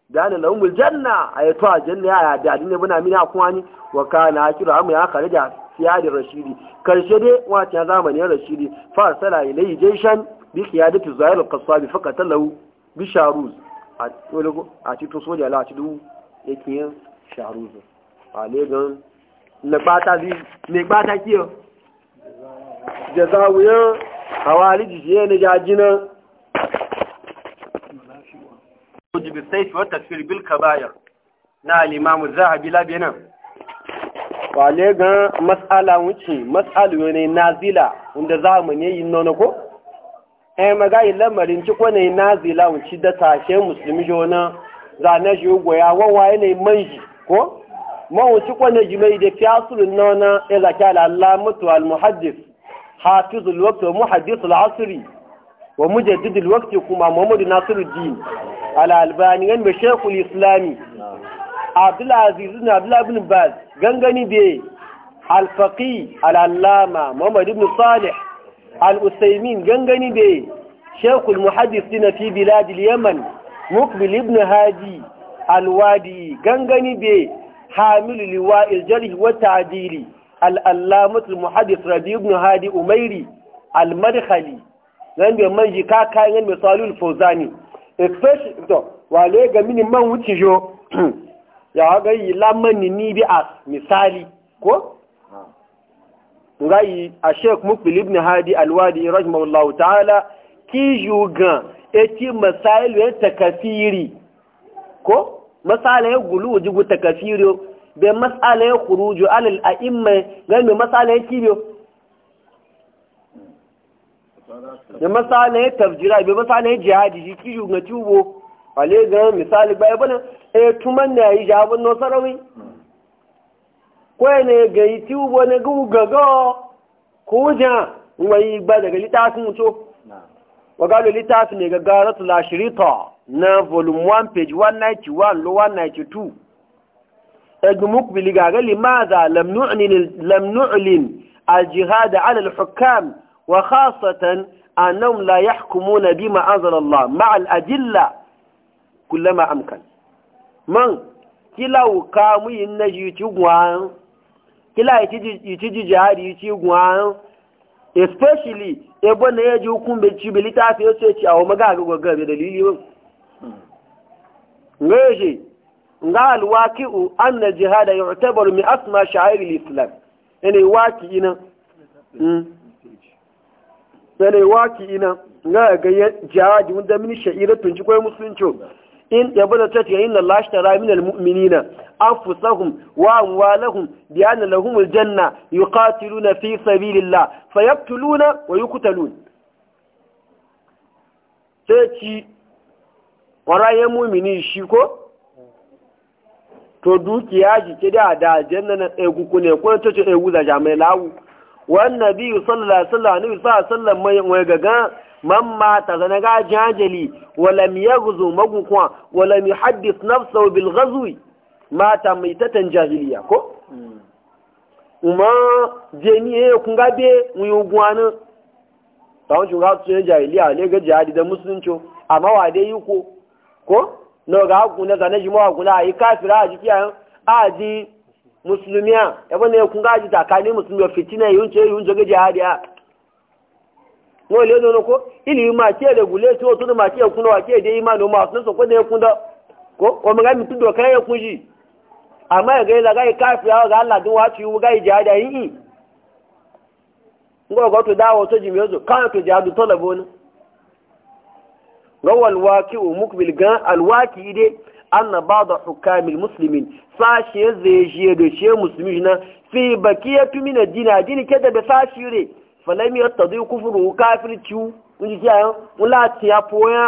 dana lahum aljanna ay to aljanna ya da din ne muna mina kuma ni wa kana akiru amma ya kharaja siyadi rashidi karshe dai wata zamanin rashidi fa sala ilay jayshan bi qiyadati zahir alqassab faqat lahu bi sharuz a tologo a tito soja la tidu yake sharuz a legan ne bata bi ne gbata kiyo jazawiyan hawali jiye ne jajina وجب السيف والتكفير بالكبائر نا الإمام الذهبي لا بينا wale ga matsala wuce matsalo ne nazila wanda za mu ne yin nono ko eh maga lamarin ci ko ne nazila wuce da tashe musulmi jona za na shi goya wawa ne manji ko ma wuce ko ne jimai da fiyasulun nona ya zaki ala Allah mutu al muhaddis hafizul waqt muhaddis al asri ومجدد الوقت كما محمد ناصر الدين الباني عن مشيخ الإسلامي عبد العزيز بن عبد الله بن باز غنغني بي الفقي اللامة محمد بن صالح الأسيمين غنغني بي شيخ المحدثين في بلاد اليمن مقبل ابن هادي الوادي غنغني بي حامل لواء الجرح والتعديل الألامة المحدث ربي بن هادي أميري المدخلي zan mai manji ka kayan yan mai salul fozani especially to wale ga mini man wuce jo ya ga yi lamman ni ni bi as misali ko ga yi a sheik mukbil ibn hadi alwadi rahimahullahu ta'ala ki juga eti masail yan takafiri ko masala ya gulu jigu takafiri be masala ya kuruju alal a'imma ga mai masala ya kibiyo da ya tafjira bai ya jihadi shi kiyu ga tubo a ga misali bai bana e tuman na yi jabun no sarawi ko ga yi tubo ne gu gaga ko ja wai ba daga litafin mutu wa galo litafin ne ga garatu la shirita na volume 1 page 191 lo 192 اجمك بلغا قال لماذا لم نعلن لم نعلن الجهاد على wa khasatan لا يحكمون بما bima الله مع الأدلة ajilla kullama amkan man kila uka mu yin na ji ci especially ebo na yaji hukun bai ci bai fi fiye ce ci awo maga ga gwagwa bai dalili ba nga yaji nga alwaqi'u anna jihada yu'tabaru min asma sha'air al-islam yani waqi ina hmm. sale waki ina nga ga mun da min sha'iratun ji koyi musulunci in bada ta tiyayin na lashtara min almu'minina afsahum wa amwalahum bi anna lahum aljanna yuqatiluna fi sabilillah fayaqtuluna wa yuqtalun sai ci mu'mini shi ko to dukiya ji ke da da janna na tsaye kuku ne ko ta ce guza da jami'ai lawu wan nabi sallallahu alaihi wasallam mai gaga man mata zana ga jajali wa lam yaghzu magukwa wa lam yuhaddith nafsahu bil ghazwi mata mai tatan jahiliya ko hmm. uma jeni e ku gabe mu yuguwan ta wancin ga su jahiliya ne ga jihadi da musulunci amma wa dai yuko ko no ga ku na zana jima'a ku na yi kafira a jikiyan a jin musulmiya yabo ne kun gaji tsakanin musulmi wa fitina yun ce yun joge jihadiya no le no ko ili ma ke regule to to ma ke kun wa ke dai imanu ma sun so ko ne kun da ko ko mun ga mi tudo kan ya kuji amma ya ga ga kafi ya ga Allah dun wa ci ga yi ngo go to dawo to jimi yozo kan to jihadu to labo ne gawal anna ba'da hukamil muslimin sashi ya zai shi da shi musulmi na fi bakiyatu min ad-din ad-din kada da sashi re falam yattadi kufru kafirci kun ji kiyaye mulati ya poya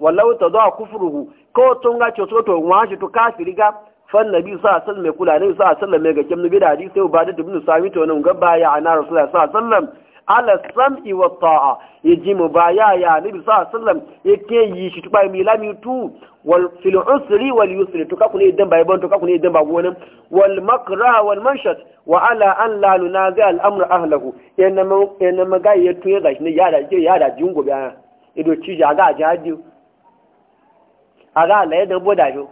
walau tada kufruhu ko tunga choto to wa shi to kafiri ga fan nabi sa sallam mai kula nabi sa sallam mai ga kimnu bi da hadisi sai ubadatu ibn sami to nan gaba ya ana rasulullahi sallallahu alaihi wasallam ala sam wa ta'a ji mu ba ya nabi sallallahu sallam ya ke yi shi tuba mi lami tu wal filin usri wal yusri to kakune idan bai ban to kakune idan ba gonan wal makra wal manshat wa ala an la nunazi al amru ahlahu yana ma yana ma ga yatu ya gashi ne ya da ji ya da jungo ba ido ci ja ga A aga la yadan boda jo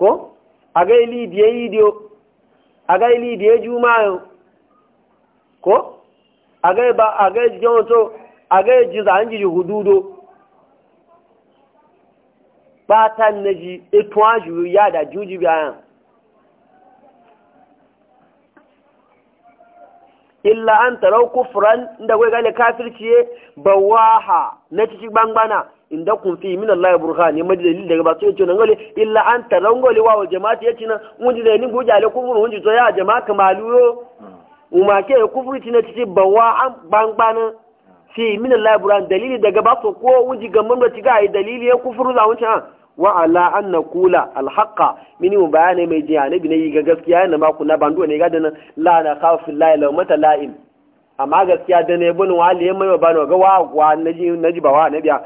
ko aga ili diye idio aga ili diye juma'a ko a gai ba a gai jikin wato a gai ji za an ji hududo bata na ji eto ya da juji bayan illa an tarau kufuran inda kwai gane kafirciye bawaha na cikin bangbana inda kun fi min Allah ya burha ne ma dalil daga ba so yace nan gole illa an tarau gole wa jama'ati yace nan mun ji dalilin bujale kun mun ji to ya jama'a kamalu yo umma ke kufri tina titi bawa an bangbana fi min al-labran dalili daga ba ko ko wuji ga da tiga ai dalili ya kufuru za wuce wa ala an naqula al-haqa mini mu mai jiya ne yi ga gaskiya ne ma kuna bandu ne ga dana la na khafu lillahi law mata la'im amma gaskiya da ne bin wali mai ba ga wa wa naji naji bawa nabiya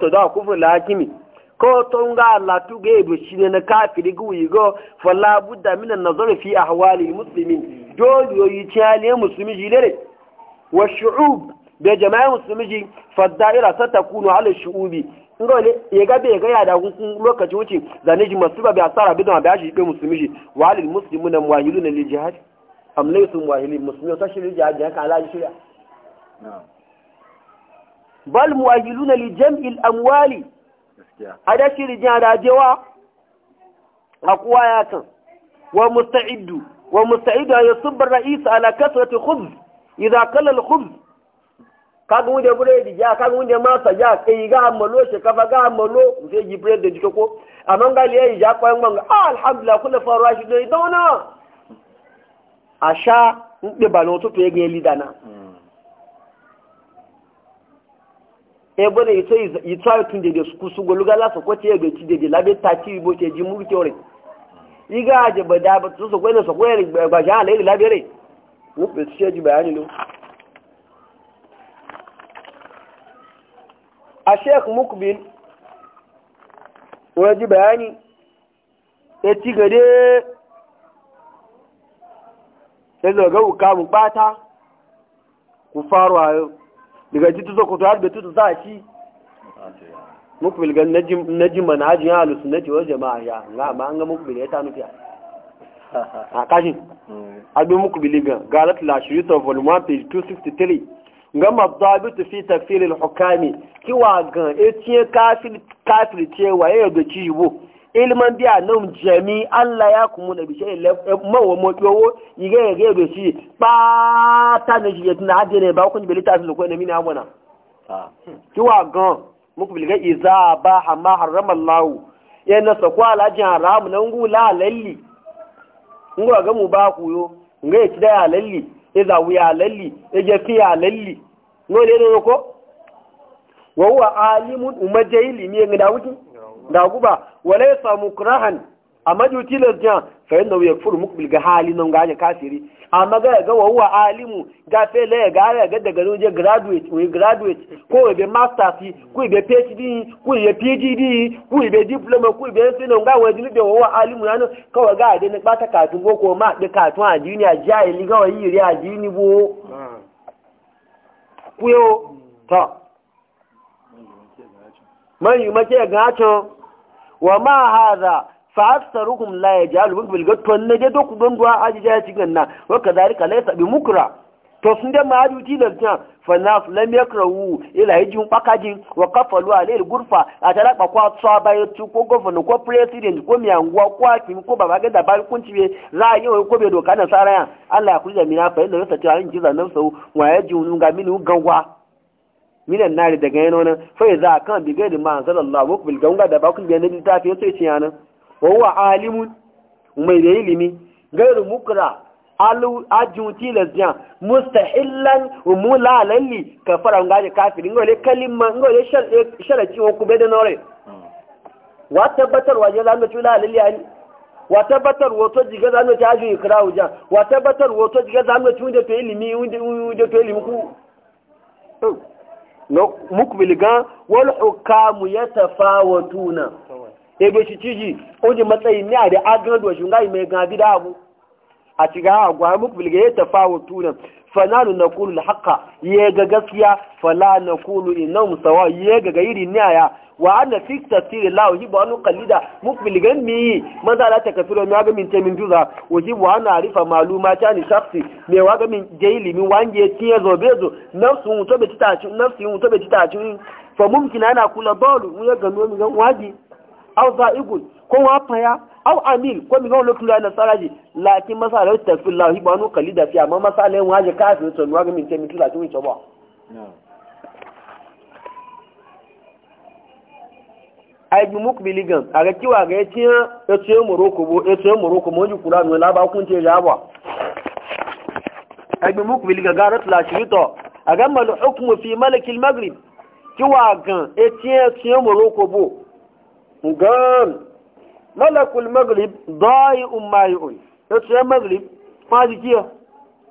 to da kufuru la hakimi ko ton ga Allah tu ga yado shi ne na kafiri ga wuyi go falla budda min an-nazar fi ahwali muslimin dole yoyi tiyale muslimi dare wa shu'ub da jama'a muslimi ji fa da'ira satakunu ala shu'ubi ngole ya ga be ga ya da kun lokaci wuce zane ji ba bi asara bi da ba shi be muslimi ji wa alil muslimuna muwahiluna lil jihad am laysu muwahilin muslimi ta shi lil jihad ka ala ji shirya bal muwahiluna lil jam'il amwali ada shiri jin adajewa a kuwa ya kan wa musta'iddu wa musta'iddu ya subbar ra'isa ala kasrati khubz idza qalla al khubz kaga wunde buredi ja kaga wunde masa ja kai ga amalo she kafa ga amalo je ji da jike ko amma ga liye ja ko yan ganga ah, alhamdulillah kullu farashi dai dauna asha ndi banoto to yege lidana mm. ebe na ito ito ayotun dede sukusu goluga lasa ko te ebe ti dede labe ta ti ibo te ji mu ti ore iga aje bada ba so ko ne so ko ere gba ja le labe re wo pe ti ju bayani lo a sheikh mukbil wo ji bayani e ti gade sai zo ga uka mu bata ku faru ayo daga jitu zo ko to har da tuzo za a ci mukbil ga najin manhajin ya halusu na cewar jama'a ya nga ma an ga mukbil ya ta nufi a kashi mm. abin mukbil ga galat la shirita volume 1 page 263 ga mazabitu fi tafsirin hukami kiwa ga etiye kafir cewa ya yadda cibo ilman biya nan jami Allah ya kuma da bishe eh, mawa mokiyowo yiga ya ga bai shi ta na shi ya tuna hajji ne ba kun t'a littafin lokoi na mini abuna ah. kiwa gan muku bilga iza ba amma haram Allah ya na sakwa alhaji haramu na ngu la lalli ngu ga mu ba ku yo nga ya kida ya lalli ya zawu ya lalli ya jafi ya lalli ngo le ko wa huwa alimun umajahili ne ga dawuki da guba wala kurahan mukrahan amma juti lasjan fayin da wuya furu mukbil ga hali nan ga ne kafiri amma ga ga wa alimu ga fe ya ga ya gada gano je graduate we graduate ko be master fi ko be phd ko be pdd ko be diploma ko be sino ga wa jini be wa huwa alimu nan ka ga adini bata ka tun ko ma de ka tun a ajai li yi wa yiri ajini bo hmm. kuyo ta man yi mace ga to wa ma hadha fa aktharuhum la yajalu bil gatwan ne da don duwa aji ya cikin nan wa kadhalika laysa bi mukra to sun da ma aji tilan ta fa nas lam yakrahu ila pakajin wa qafalu gurfa a tara ba kwa tsa ba ya ko governor ko president ko mi anguwa ko akim ko baba ga da ba kunci be za a yi wa ko be doka na saraya Allah ya kula mina fa inda rasa ta yin kiza nan sau wa yajin ga minu gawa. minan nari daga yano nan fa za a kan bigai da ma'an sallallahu wa kubil gaunga da bakun biyan nabi ta fiye sai yana wa alimu alimun mai da ilimi gairu mukra alu ajuti lasjan mustahillan fara lalli kafara ngaje kafirin ngole kalima ngole sharati eh, wa kube da nore hmm. wa tabbatar wa jaza mu tula ali wa tabbatar wato jiga zamu ta ajin ikrahu ja wa tabbatar wato jiga zamu tunda to ilimi wanda to ilimi ku hmm. mukbil gan wal hukamu yatafawatuna ebe shi ciji oje matsayi ne a da agado shi ngai mai gadi da abu a ciga agwa mukbil ga yatafawatuna fanalu na kulu da haka ya ga gaskiya fala na kulu ina musawa ya ga gairi ni aya wa ana fi tafsiri la wa hibu anu qalida mukbil gammi man da ta kafiro mi ga min temin juza wa hibu ana arifa maluma ta ni shafsi me wa ga min jaili min wange tiye zo bezo nafsu muto be titaci nafsi muto be titaci fa mumkin ana kula dalu mu ya ga mi ga waji aw za'igun ko wa faya aw amil ko mi gawo lokacin da saraji lakin masalar tafillah ibanu kalida fi amma masalar waje kafin to nuwa ga min ce mitu lakin to ba ai bi muk biligan a ga kiwa ga yace yace moroko bo yace moroko mo ji qur'an wala ba kun ce jaba ai bi muk ga ga ratla shirito a ga mal hukmu fi malik al maghrib kiwa gan yace yace moroko bo ngan malakul maghrib dai ummayun to ce maghrib ma jikiya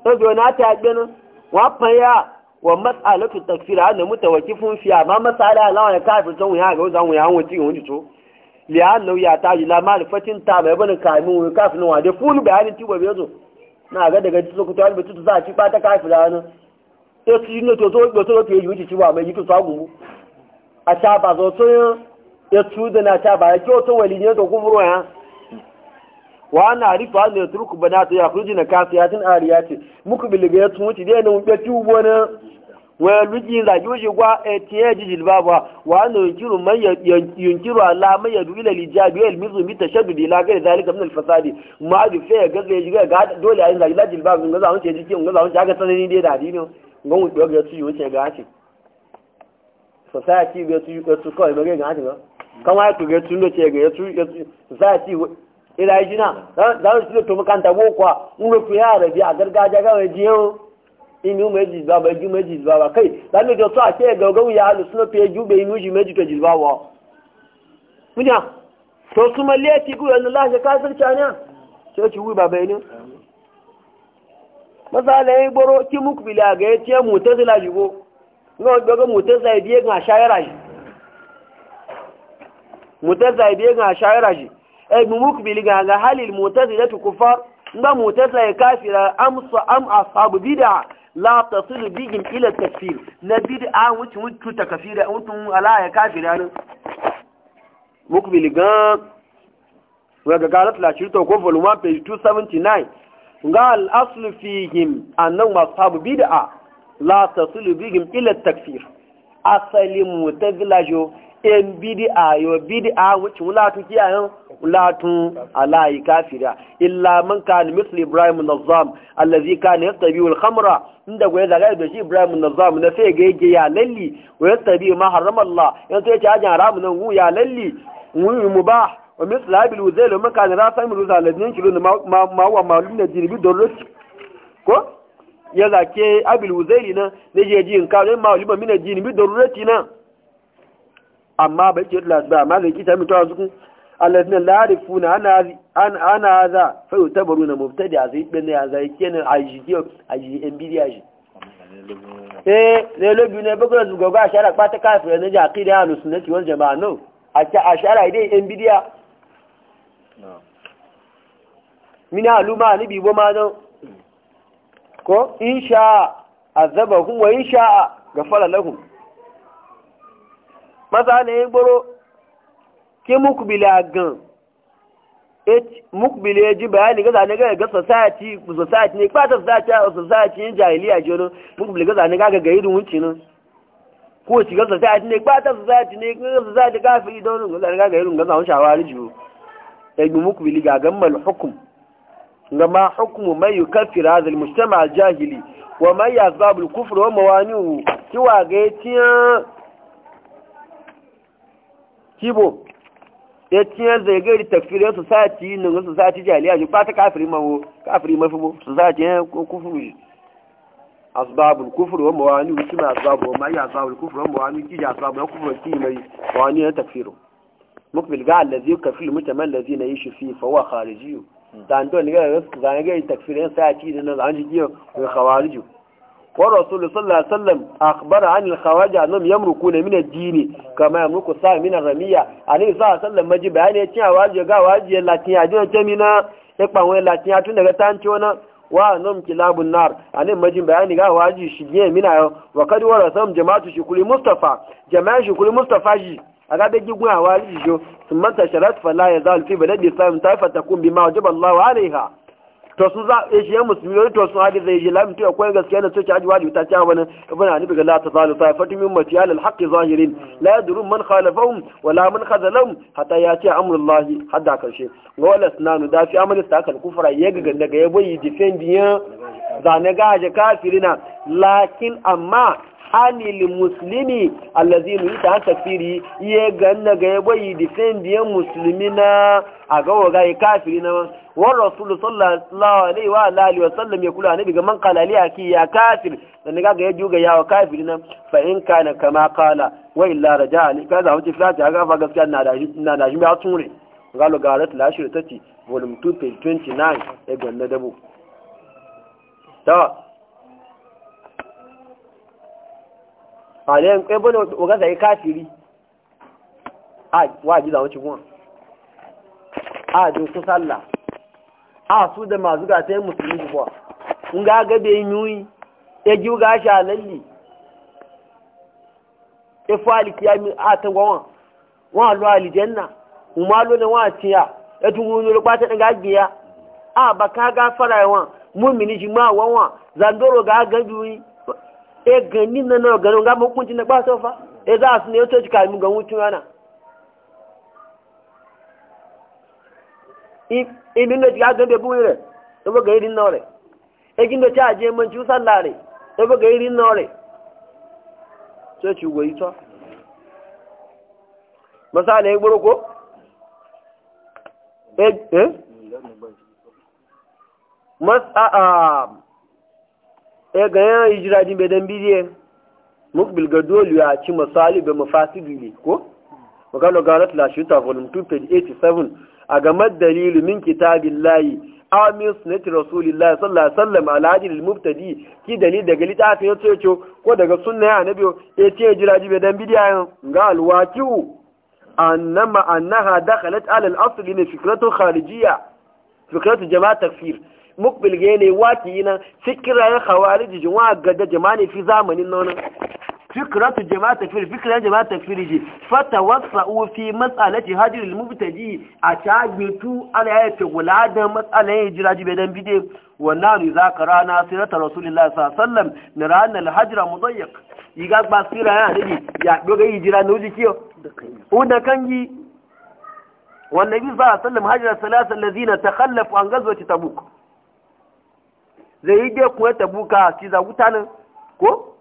to do na ta gina wa faya wa mas'alatu takfir an mutawakkifun fi amma mas'ala Allah ya kafi tun ya ga zan ya wuce wuce to li annu ya ta ila ma'rifatin ta bai bani kaimu kafin wa da fulu bayanin tuba bai zo na ga daga cikin kuta wani batu za a ci ba ta kafi da wani to ci ne to zo to to yi wuce ci ba mai yi to sagu a ta ba zo to ya tuda na ta ba ya kyau wata wali ne to kumuro ya wa ana arifu an ya turku bana ta ya kuji na kasu ya ari ariya ce muku biliga ya tun wuce dai ne mun beti na wani luji za joji gwa etiye eh, jijil baba wa ana yunkiru man yunkiru ala man ya duila lijabi wal mizu bi tashaddud da lagari zalika min al fasadi ma a jufe ya gaza ya jiga ga dole ayin za jilajil baba ngaza an ce jike ngaza an wuce aka sanani dai da adini ga wuce ga su wuce ga ce society ga su kawai magana ga ce ba kama ya tuga tun da ce ga ya tu za a ci ila jina za su ci to makanta ko kwa in ba ku yara bi a gargaja ga wai jiyo in yi mai jizba ba ji mai jizba ba kai za mu da su a ce ga gawu ya halu suna fiye jube in yi mai jita jizba wa kunya to su ma leti ku yanzu lashe kasar cana sai ci ba bai ne masala yi boro ki muku bila ga ya ce mutazila jibo ga ga mutazila biye ga shayara shi mutazila biye ga shayara shi ai mu mukbili ga ga halil mutazila da kufar ba mutazila kafira am sa am ashabu bid'a la tasilu bihim ila takfir na bid'a wuce wuce ta kafira wutun ala ya kafira ne mukbili ga wa ga galat la shirto ko volume page 279 ga al aslu fihim annahu ashabu bid'a la tasilu bihim ila takfir asalin mutazilajo in bid'a yo bid'a wuce wulatu kiyayen wulatu alayi kafira illa man kana misli ibrahim nazam allazi kana yastabi al khamra inda goye zaga da shi ibrahim nazam na sai ga yake ya lalli wa yastabi ma harama allah yanzu yace ajin haramu nan gu ya lalli mu mubah wa misli habil uzail man kana rasa min uzail ladin kilo ma ma wa malum na jirbi dorot ko ya zake abil uzaili na ne je ji in kawo ma malum min jirbi dorot na amma bai ke tilas ba amma zai kita mutuwa su kun alladina la yarifuna ana ana za fa yutabaruna mubtadi'a sai bin ya zai kenan aji kiyo aji en bidiya shi eh ne lobi ne bakon su gogo ashara kwata kafira ne ja aqida ahlus sunnati wal jamaa no aka ashara dai en bidiya mina aluma ni bibo ma don ko insha azabahum wa insha gafara lahum masala yin gboro ke mukbila gan e mukbila ya ji bayani gaza ne ga ga society society ne kwata society society yin jahiliya ji wani gaza ne ga ga irin wuce nan ko ci ga society ne kwata society ne ga society ka fi don wani gaza ga irin gaza wani shawari ji ya yi e mukbili ga gan mal hukum ga ma hukumu mai yukaffir hadha al-mujtama al-jahili wa man yazbabu al-kufr wa mawani'u kiwa ga tiyan kibo ya ciyar zai gari tafiyar su sati nan su sati jaliya ji ta kafiri mawo kafiri mafi bu su sati ya kufuru shi asbabul kufuru wa wani wuce mai asbabu wa mai asbabul da wa wani ki ji asbabu na kufuru ki mai wani ya tafiru mukbil ga allazi kafil mutamal ladzi na yishi fi fa wa khariji dan hmm. don ga ga ga takfirin sati nan an ji ko khawariju والرسول صلى الله عليه وسلم أخبر عن الخواجة أنهم يمركون من الدين كما يمرك ساعة من الرمية عليه صلى الله عليه وسلم مجي بيان يتيا واجي غا واجي لاتين عجونا تمينا يقبع وين لاتين وأنهم كلاب النار عليه مجي بيان غا واجي شجين منا وقد ورثهم جماعة شكول مصطفى جماعة شكول مصطفى جي agabe gigun awari jo sumanta sharat fala yazal fi baladi sam taifa takun bima wajaba Allah alaiha to su za a eh, shi musulmi to sun hadi zai yi lamin to akwai gaskiya na tuci haji wajibi ta ci nan ibn ali bi la tazalu ta'ifatu min mati al-haqq zahirin la yadurun man khalafahum wala man khazalahum hatta yati amrullahi hadda karshe wala sunanu da fi amalin ta kal kufra ya ga daga ya bayi defendiya zane gaje kafirina lakin amma hali muslimi allazi nu ta tafiri ye ganna ga ya bayi musulmi muslimina a ga wa ga kafirina wa rasulu sallallahu alaihi wa alihi wa sallam ya kula ne daga man qala li aki ya kafir dan ga ga wa kafir nan fa in kana kama qala wa illa raja'a ni kaza wuce fati ga fa gaskiya na da na da shi ga lo garat la ta kai bane wa ga sai e kafiri a wa ji da wuce kuma a a su da masu gata yin musulmi kuwa in ga gabe yin yuyi ya ji ga shi halalli ya fi aliki ya mi a ta gwawan wọn lo alijanna umma lo ne wọn ti ya ya tun wuni lo pata ɗin gage ya a ba ka ga fara yawa mumini ji ma wawan zandoro ga gabi yi e gani na na ganin ga hukunci na ba sofa e za su ne ya to shi kamin ga hutun yana ibi ne ya ga da buire to ba gairi nore e kin da ta je man ju sallare to ba gairi nore to ci goyi to misali ya gburu ko eh eh mas a a e ga ya hijira din be dan bidiye mukbil ga dole ya ci misali be mafasidi ne ko magana ga ratla shi volume 2 page a game dalilu min kitabillahi layi min sunnati rasulillahi sallallahu alaihi wasallam ala al mubtadi ki dalil daga litafin ya ko daga sunna ya annabi ya ce jira be dan bidiya ga alwaqiu annama annaha dakhalat ala al-asl li fikratu kharijiyya fikratu jama'a takfir mukbil gene wati na fikira ya khawarij jama'a gada jama'a ne fi zamanin nan fikratu jama'a takfiri fikiran jama'a takfiri ji fata wasa'u fi matsalati hajjir mubtaji a tagbatu ana yaya tegula da matsalan hijira ji bedan wannan za ka rana sirata rasulullah sallam na ranar hajjira muzayyak iga ba sira ya nabi ya doga hijira na wuji kiyo da kangi wannan bi za a sallam hajjira salasa lazina ta khallafu an gazuwa ci tabuk zai yi dai kuma tabuka ci za ko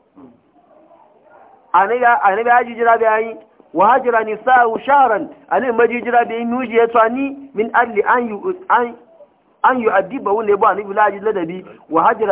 anabi haji jira bayani wa hajira nisa'u shahran anabi maji jira bayani nuji ya ni min alli an yu an yu adiba wanda ya ba ladabi wa hajira